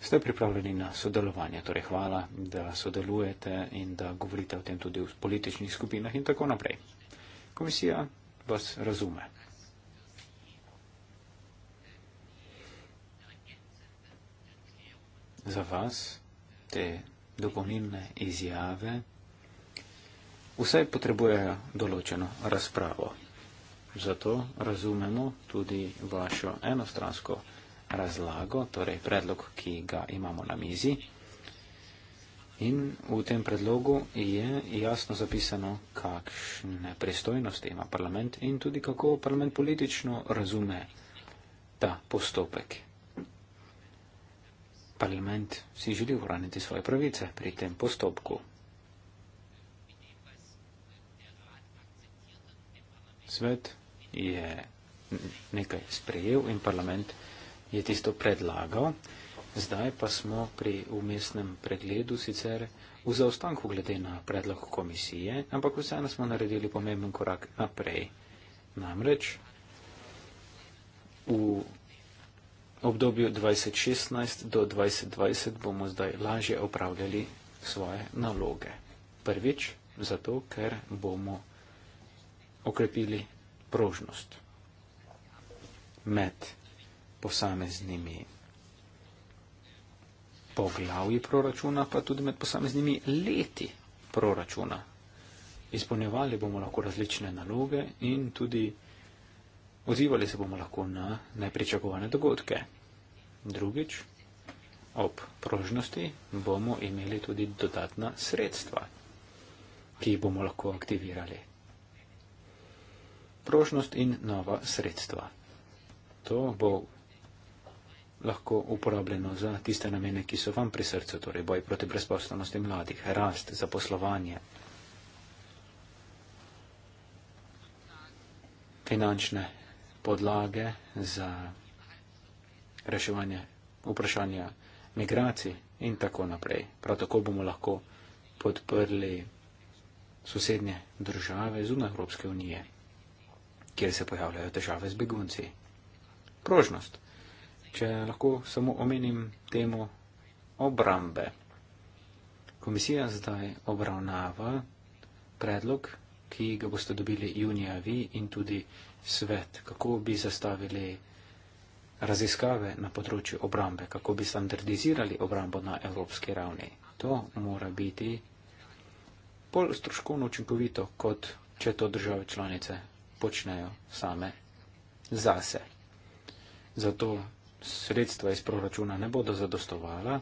ste pripravljeni na sodelovanje. Torej hvala, da sodelujete in da govorite o tem tudi v političnih skupinah in tako naprej. Komisija vas razume. za vas te dopolnilne izjave vsaj potrebujejo določeno razpravo. Zato razumemo tudi vašo enostransko razlago, torej predlog, ki ga imamo na mizi. In v tem predlogu je jasno zapisano, kakšne pristojnosti ima parlament in tudi kako parlament politično razume ta postopek parlament si želi ohraniti svoje pravice pri tem postopku. Svet je nekaj sprejel in parlament je tisto predlagal. Zdaj pa smo pri umestnem pregledu sicer v zaostanku glede na predlog komisije, ampak vseeno smo naredili pomemben korak naprej. Namreč v obdobju 2016 do 2020 bomo zdaj lažje upravljali svoje naloge. Prvič, zato ker bomo okrepili prožnost med posameznimi poglavji proračuna, pa tudi med posameznimi leti proračuna. Izpolnjevali bomo lahko različne naloge in tudi Odzivali se bomo lahko na nepričakovane dogodke. Drugič, ob prožnosti bomo imeli tudi dodatna sredstva, ki jih bomo lahko aktivirali. Prožnost in nova sredstva. To bo lahko uporabljeno za tiste namene, ki so vam pri srcu, torej boj proti brezposlenosti mladih, rast, zaposlovanje. finančne podlage za reševanje vprašanja migracij in tako naprej. Prav tako bomo lahko podprli sosednje države zunaj Evropske unije, kjer se pojavljajo težave z begunci. Prožnost. Če lahko samo omenim temu obrambe. Komisija zdaj obravnava predlog ki ga boste dobili junija vi in tudi svet, kako bi zastavili raziskave na področju obrambe, kako bi standardizirali obrambo na evropski ravni. To mora biti bolj stroškovno učinkovito, kot če to države članice počnejo same zase. Zato sredstva iz proračuna ne bodo zadostovala.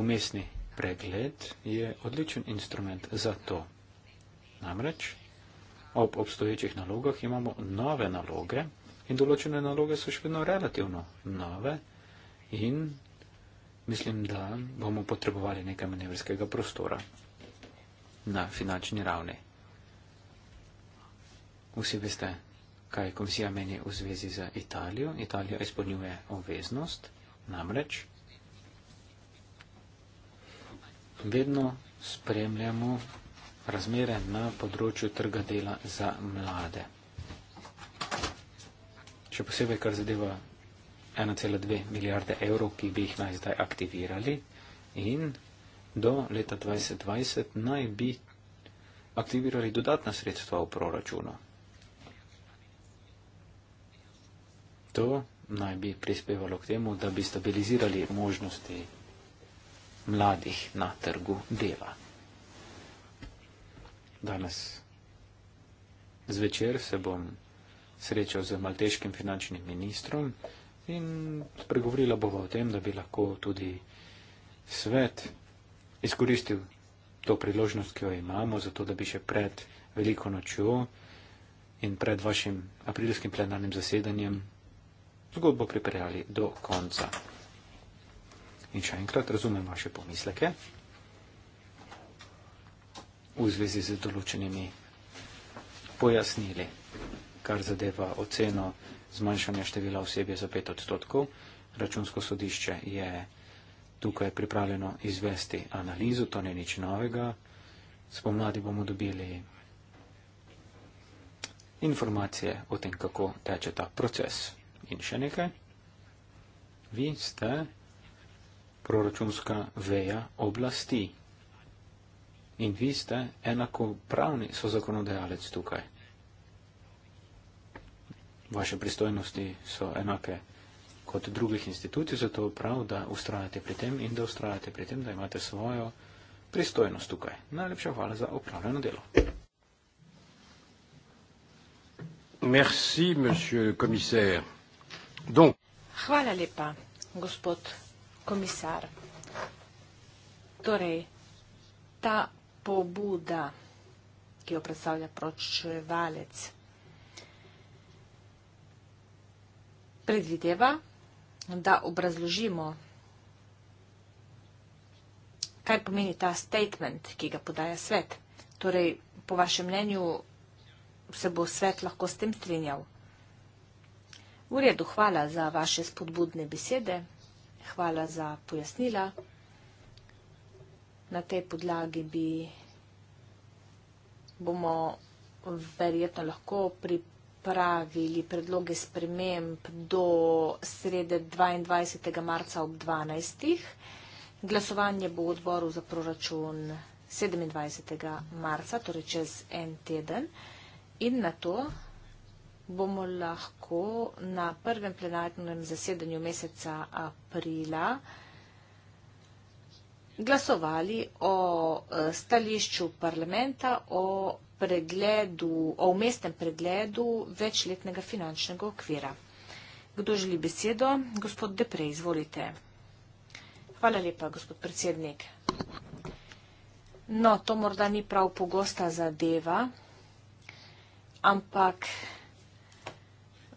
Umestni pregled je odličen instrument za to. Namreč ob obstoječih nalogah imamo nove naloge in določene naloge so še vedno relativno nove in mislim, da bomo potrebovali nekaj manevrskega prostora na finančni ravni. Vsi veste, kaj komisija meni v zvezi z Italijo. Italija izpolnjuje obveznost, namreč vedno spremljamo razmere na področju trga dela za mlade. Še posebej, kar zadeva 1,2 milijarde evrov, ki bi jih naj zdaj aktivirali in do leta 2020 naj bi aktivirali dodatna sredstva v proračunu. To naj bi prispevalo k temu, da bi stabilizirali možnosti mladih na trgu dela danes. Zvečer se bom srečal z malteškim finančnim ministrom in pregovorila bova o tem, da bi lahko tudi svet izkoristil to priložnost, ki jo imamo, zato da bi še pred veliko nočjo in pred vašim aprilskim plenarnim zasedanjem zgodbo pripeljali do konca. In še enkrat razumem vaše pomisleke v zvezi z določenimi pojasnili, kar zadeva oceno zmanjšanja števila osebje za pet odstotkov. Računsko sodišče je tukaj pripravljeno izvesti analizo, to ni nič novega. Spomladi bomo dobili informacije o tem, kako teče ta proces. In še nekaj. Vi ste proračunska veja oblasti in vi ste enakopravni so zakonodajalec tukaj. Vaše pristojnosti so enake kot drugih institucij, zato je prav, da ustrajate pri tem in da ustrajate pri tem, da imate svojo pristojnost tukaj. Najlepša hvala za opravljeno delo. Merci, monsieur le commissaire. Donc... Hvala lepa, gospod komisar. Torej, ta pobuda, ki jo predstavlja pročujevalec, predvideva, da obrazložimo, kaj pomeni ta statement, ki ga podaja svet. Torej, po vašem mnenju se bo svet lahko s tem strinjal. V redu, hvala za vaše spodbudne besede, hvala za pojasnila na tej podlagi bi, bomo verjetno lahko pripravili predloge sprememb do srede 22. marca ob 12. Glasovanje bo v odboru za proračun 27. marca, torej čez en teden. In na to bomo lahko na prvem plenarnem zasedanju meseca aprila 2020 glasovali o eh, stališču parlamenta o pregledu, o umestnem pregledu večletnega finančnega okvira. Kdo želi besedo? Gospod Deprej, izvolite. Hvala lepa, gospod predsednik. No, to morda ni prav pogosta zadeva, ampak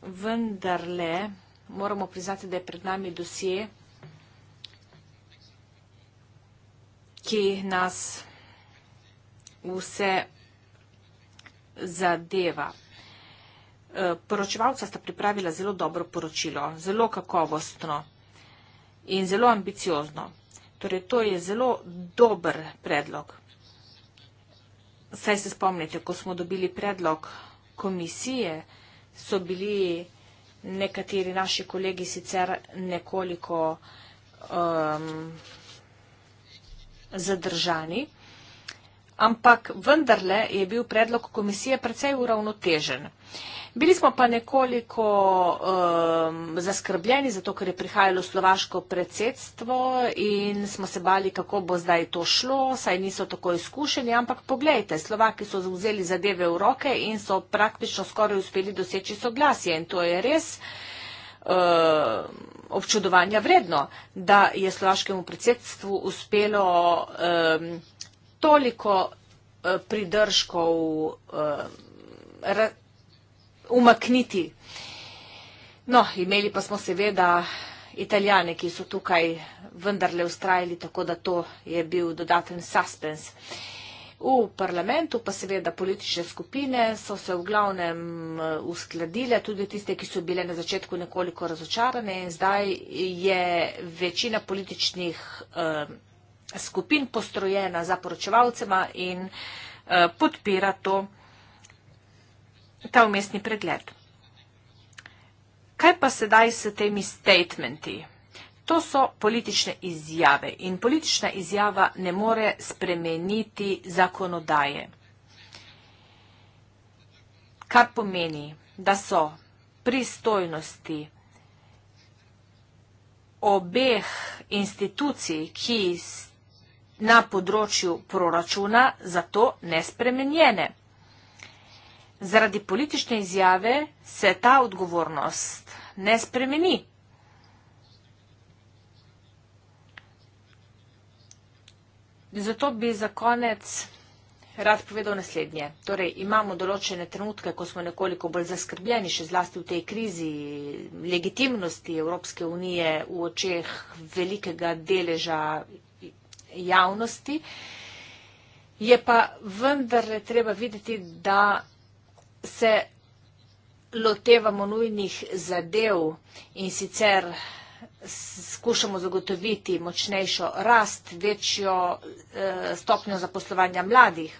vendarle moramo priznati, da je pred nami dosje, ki nas vse zadeva. E, poročevalca sta pripravila zelo dobro poročilo, zelo kakovostno in zelo ambiciozno. Torej, to je zelo dober predlog. Saj se spomnite, ko smo dobili predlog komisije, so bili nekateri naši kolegi sicer nekoliko um, zadržani. Ampak vendarle je bil predlog komisije precej uravnotežen. Bili smo pa nekoliko um, zaskrbljeni, zato ker je prihajalo slovaško predsedstvo in smo se bali, kako bo zdaj to šlo, saj niso tako izkušeni. Ampak pogledajte, Slovaki so vzeli zadeve v roke in so praktično skoraj uspeli doseči soglasje in to je res. Uh, Eh, občudovanja vredno, da je slovaškemu predsedstvu uspelo toliko eh, pridržkov eh, umakniti. No, imeli pa smo seveda italijane, ki so tukaj vendarle ustrajali, tako da to je bil dodaten suspens. V parlamentu pa seveda politične skupine so se v glavnem eh, uskladile, tudi tiste, ki so bile na začetku nekoliko razočarane in zdaj je večina političnih eh, skupin postrojena za poročevalcema in eh, podpira to, ta umestni pregled. Kaj pa sedaj s temi statementi? To so politične izjave in politična izjava ne more spremeniti zakonodaje. Kar pomeni, da so pristojnosti obeh institucij, ki na področju proračuna zato nespremenjene. Zaradi politične izjave se ta odgovornost ne spremeni. Zato bi za konec rad povedal naslednje. Torej, imamo določene trenutke, ko smo nekoliko bolj zaskrbljeni, še zlasti v tej krizi legitimnosti Evropske unije v očeh velikega deleža javnosti. Je pa vendar treba videti, da se lotevamo nujnih zadev in sicer skušamo zagotoviti močnejšo rast, večjo eh, stopnjo zaposlovanja mladih.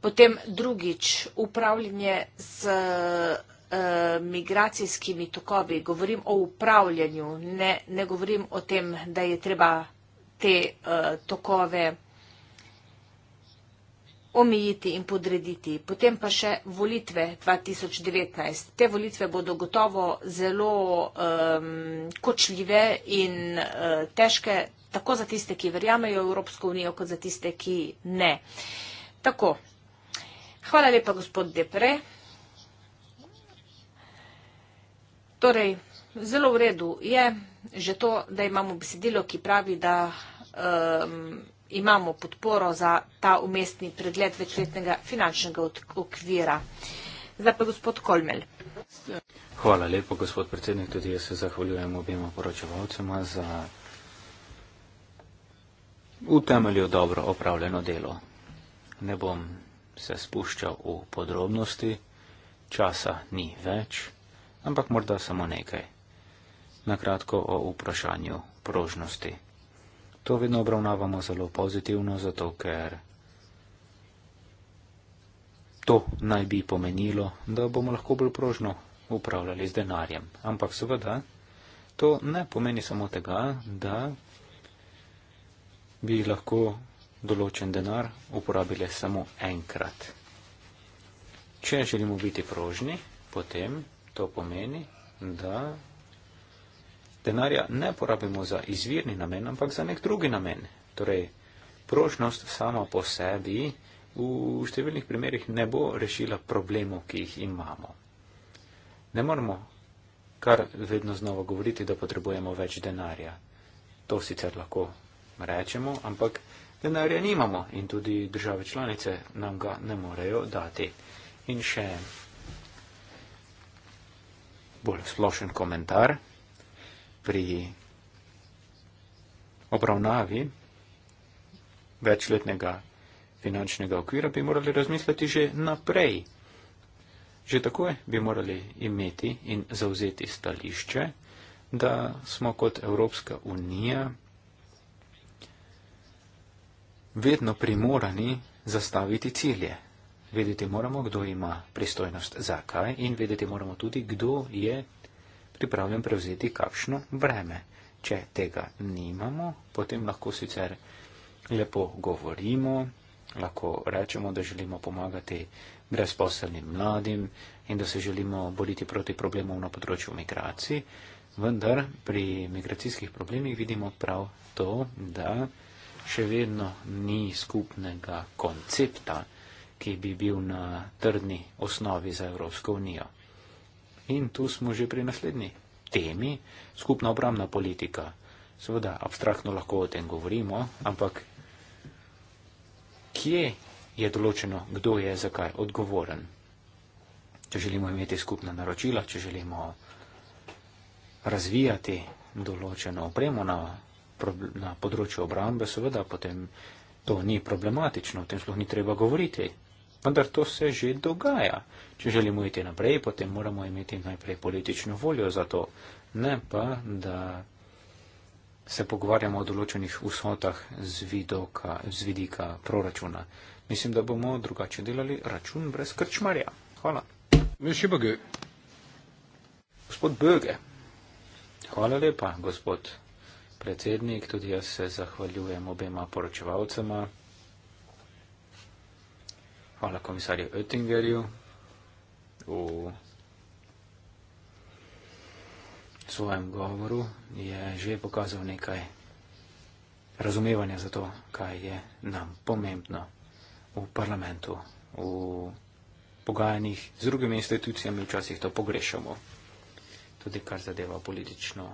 Potem drugič, upravljanje z eh, migracijskimi tokovi. Govorim o upravljanju, ne govorim o tem, da je treba te eh, tokove vsega omejiti in podrediti. Potem pa še volitve 2019. Te volitve bodo gotovo zelo um, kočljive in uh, težke, tako za tiste, ki verjamejo v Evropsko unijo, kot za tiste, ki ne. Tako. Hvala lepa, gospod Depre. Torej, zelo v redu je že to, da imamo besedilo, ki pravi, da um, imamo podporo za ta umestni pregled večletnega finančnega okvira. Zdaj pa gospod Kolmel. Hvala lepo, gospod predsednik. Tudi jaz se zahvaljujem obima poročevalcema za v temelju dobro opravljeno delo. Ne bom se spuščal v podrobnosti, časa ni več, ampak morda samo nekaj. Na kratko o vprašanju prožnosti. To vedno obravnavamo zelo pozitivno, zato ker to naj bi pomenilo, da bomo lahko bolj prožno upravljali z denarjem. Ampak seveda, to ne pomeni samo tega, da bi lahko določen denar uporabili samo enkrat. Če želimo biti prožni, potem to pomeni, da denarja ne porabimo za izvirni namen, ampak za nek drugi namen. Torej, prošnost sama po sebi v številnih primerjih ne bo rešila problemov, ki jih imamo. Ne moramo kar vedno znova govoriti, da potrebujemo več denarja. To sicer lahko rečemo, ampak denarja nimamo in tudi države članice nam ga ne morejo dati. In še bolj splošen komentar pri obravnavi večletnega finančnega okvira bi morali razmisliti že naprej. Že takoj bi morali imeti in zauzeti stališče, da smo kot Evropska unija vedno primorani zastaviti cilje. Vedeti moramo, kdo ima pristojnost za kaj in vedeti moramo tudi, kdo je pripravljen prevzeti kakšno breme. Če tega nimamo, potem lahko sicer lepo govorimo, lahko rečemo, da želimo pomagati brezposelnim mladim in da se želimo boriti proti problemom na področju migracij, vendar pri migracijskih problemih vidimo prav to, da še vedno ni skupnega koncepta, ki bi bil na trdni osnovi za Evropsko unijo. In tu smo že pri naslednji temi, skupna obramna politika. Seveda, abstraktno lahko o tem govorimo, ampak kje je določeno, kdo je zakaj odgovoren? Če želimo imeti skupna naročila, če želimo razvijati določeno opremo na, na področju obrambe, seveda potem to ni problematično, o tem sploh ni treba govoriti. Vendar to se že dogaja. Če želimo iti naprej, potem moramo imeti najprej politično voljo za to, ne pa, da se pogovarjamo o določenih usotah z, vidoka, z vidika proračuna. Mislim, da bomo drugače delali račun brez krčmarja. Hvala. Gospod Böge. Hvala lepa, gospod predsednik. Tudi jaz se zahvaljujem obema poročevalcema. Hvala komisarju Oettingerju. V svojem govoru je že pokazal nekaj razumevanja za to, kaj je nam pomembno v parlamentu, v pogajanjih z drugimi institucijami, včasih to pogrešamo, tudi kar zadeva politično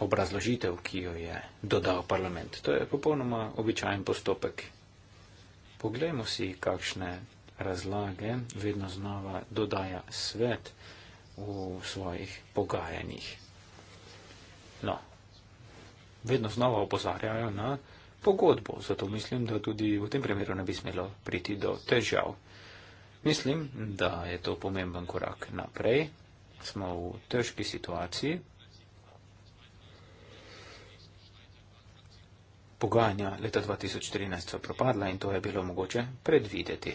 obrazložitev, ki jo je dodal parlament. To je popolnoma običajen postopek. Poglejmo si, kakšne razlage vedno znova dodaja svet v svojih pogajanjih. No, vedno znova opozarjajo na pogodbo, zato mislim, da tudi v tem primeru ne bi smelo priti do težav. Mislim, da je to pomemben korak naprej. Smo v težki situaciji, pogajanja leta 2013 so propadla in to je bilo mogoče predvideti.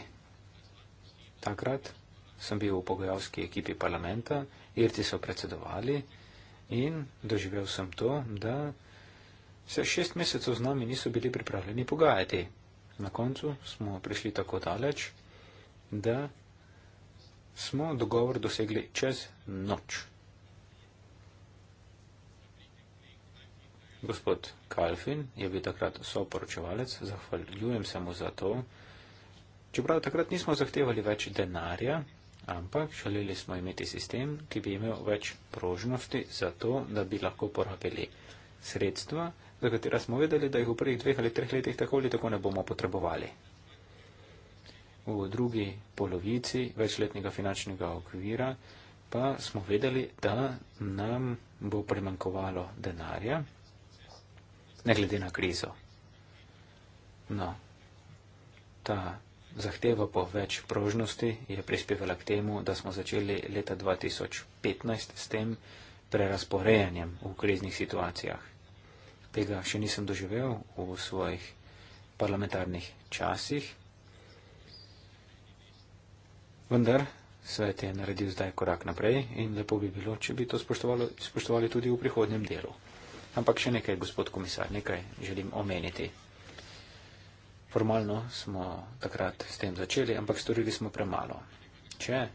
Takrat sem bil v pogajalski ekipi parlamenta, Irti so predsedovali in doživel sem to, da se šest mesecev z nami niso bili pripravljeni pogajati. Na koncu smo prišli tako daleč, da smo dogovor dosegli čez noč. Gospod Kalfin je bil takrat soporočevalec, zahvaljujem se mu za to. Čeprav takrat nismo zahtevali več denarja, ampak želeli smo imeti sistem, ki bi imel več prožnosti za to, da bi lahko porabili sredstva, za katera smo vedeli, da jih v prvih dveh ali treh letih tako ali tako ne bomo potrebovali. V drugi polovici večletnega finančnega okvira pa smo vedeli, da nam bo primankovalo denarja, ne glede na krizo. No, ta zahteva po več prožnosti je prispevala k temu, da smo začeli leta 2015 s tem prerasporejanjem v kriznih situacijah. Tega še nisem doživel v svojih parlamentarnih časih, vendar svet je naredil zdaj korak naprej in lepo bi bilo, če bi to spoštovali tudi v prihodnjem delu. Ampak še nekaj, gospod komisar, nekaj želim omeniti. Formalno smo takrat s tem začeli, ampak storili smo premalo. Če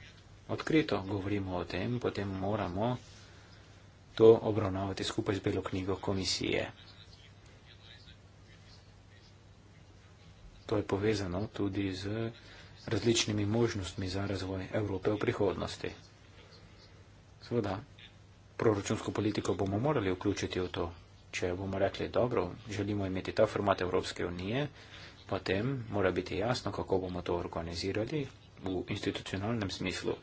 odkrito govorimo o tem, potem moramo to obravnavati skupaj z Belo knjigo komisije. To je povezano tudi z različnimi možnostmi za razvoj Evrope v prihodnosti. Seveda, proračunsko politiko bomo morali vključiti v to. Če bomo rekli, dobro, želimo imeti ta format Evropske unije, potem mora biti jasno, kako bomo to organizirali v institucionalnem smislu,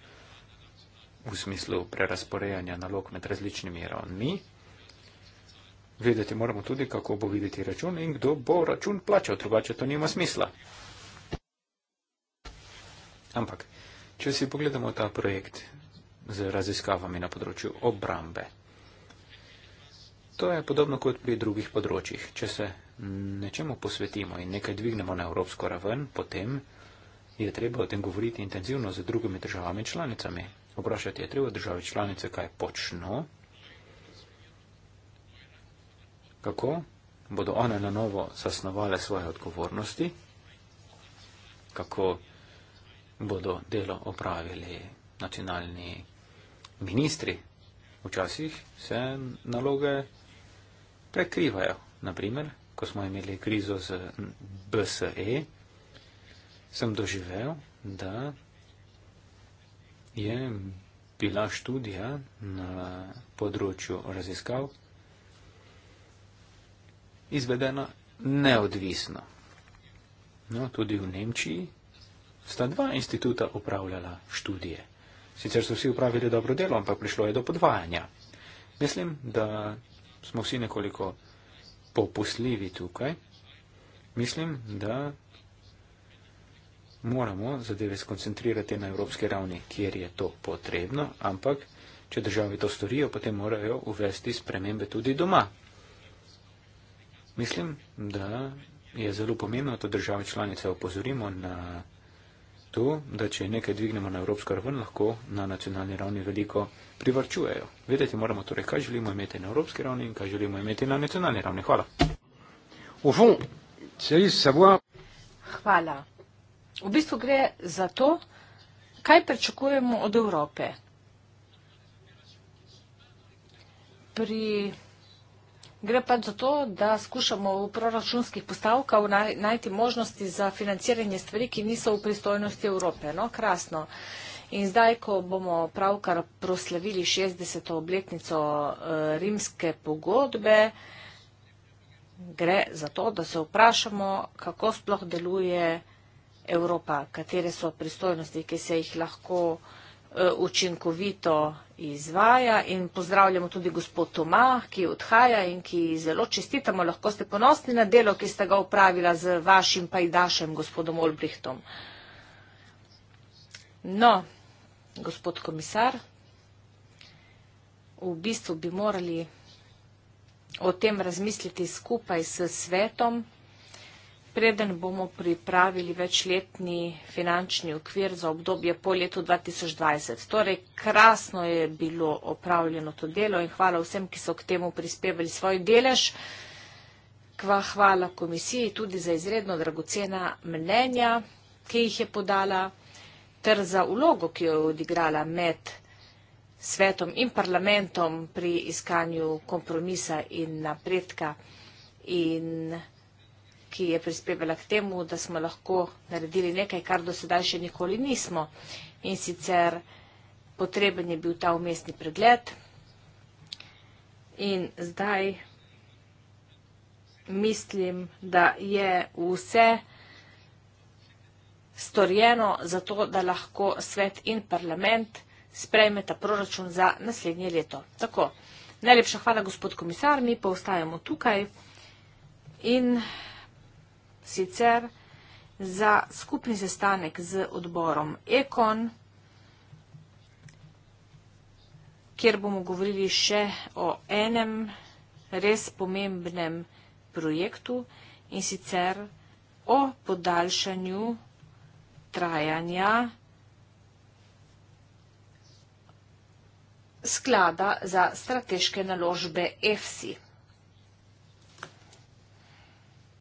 v smislu prerasporejanja nalog med različnimi ravnmi. Vedeti moramo tudi, kako bo videti račun in kdo bo račun plačal, drugače to nima smisla. Ampak, če si pogledamo ta projekt, z raziskavami na področju obrambe. To je podobno kot pri drugih področjih. Če se nečemu posvetimo in nekaj dvignemo na evropsko raven, potem je treba o tem govoriti intenzivno z drugimi državami članicami. Vprašati je treba države članice, kaj počno, kako bodo one na novo zasnovale svoje odgovornosti, kako bodo delo opravili nacionalni ministri. Včasih se naloge prekrivajo. Naprimer, ko smo imeli krizo z BSE, sem doživel, da je bila študija na področju raziskav izvedena neodvisno. No, tudi v Nemčiji sta dva instituta upravljala študije. Sicer so vsi upravili dobro delo, ampak prišlo je do podvajanja. Mislim, da smo vsi nekoliko popustljivi tukaj. Mislim, da moramo zadeve skoncentrirati na evropske ravni, kjer je to potrebno, ampak če države to storijo, potem morajo uvesti spremembe tudi doma. Mislim, da je zelo pomembno, da države članice opozorimo na to, da če nekaj dvignemo na evropsko raven, lahko na nacionalni ravni veliko privrčujejo. Vedeti moramo torej, kaj želimo imeti na evropski ravni in kaj želimo imeti na nacionalni ravni. Hvala. Hvala. V bistvu gre za to, kaj pričakujemo od Evrope. Pri Gre pa za to, da skušamo v proračunskih postavkah najti možnosti za financiranje stvari, ki niso v pristojnosti Evrope. No, krasno. In zdaj, ko bomo pravkar proslavili 60. obletnico eh, rimske pogodbe, gre za to, da se vprašamo, kako sploh deluje Evropa, katere so pristojnosti, ki se jih lahko eh, učinkovito vprašamo izvaja in pozdravljamo tudi gospod Toma, ki odhaja in ki zelo čestitamo. Lahko ste ponosni na delo, ki ste ga upravila z vašim pajdašem, gospodom Olbrihtom. No, gospod komisar, v bistvu bi morali o tem razmisliti skupaj s svetom. Preden bomo pripravili večletni finančni okvir za obdobje po letu 2020. Torej, krasno je bilo opravljeno to delo in hvala vsem, ki so k temu prispevali svoj delež. Kva hvala komisiji tudi za izredno dragocena mnenja, ki jih je podala, ter za ulogo, ki jo je odigrala med svetom in parlamentom pri iskanju kompromisa in napredka. In ki je prispevala k temu, da smo lahko naredili nekaj, kar do sedaj še nikoli nismo. In sicer potreben je bil ta umestni pregled. In zdaj mislim, da je vse storjeno za to, da lahko svet in parlament sprejme ta proračun za naslednje leto. Tako, najlepša hvala, gospod komisar, mi pa ostajamo tukaj. In sicer za skupni sestanek z odborom Ekon, kjer bomo govorili še o enem res pomembnem projektu in sicer o podaljšanju trajanja sklada za strateške naložbe EFSI.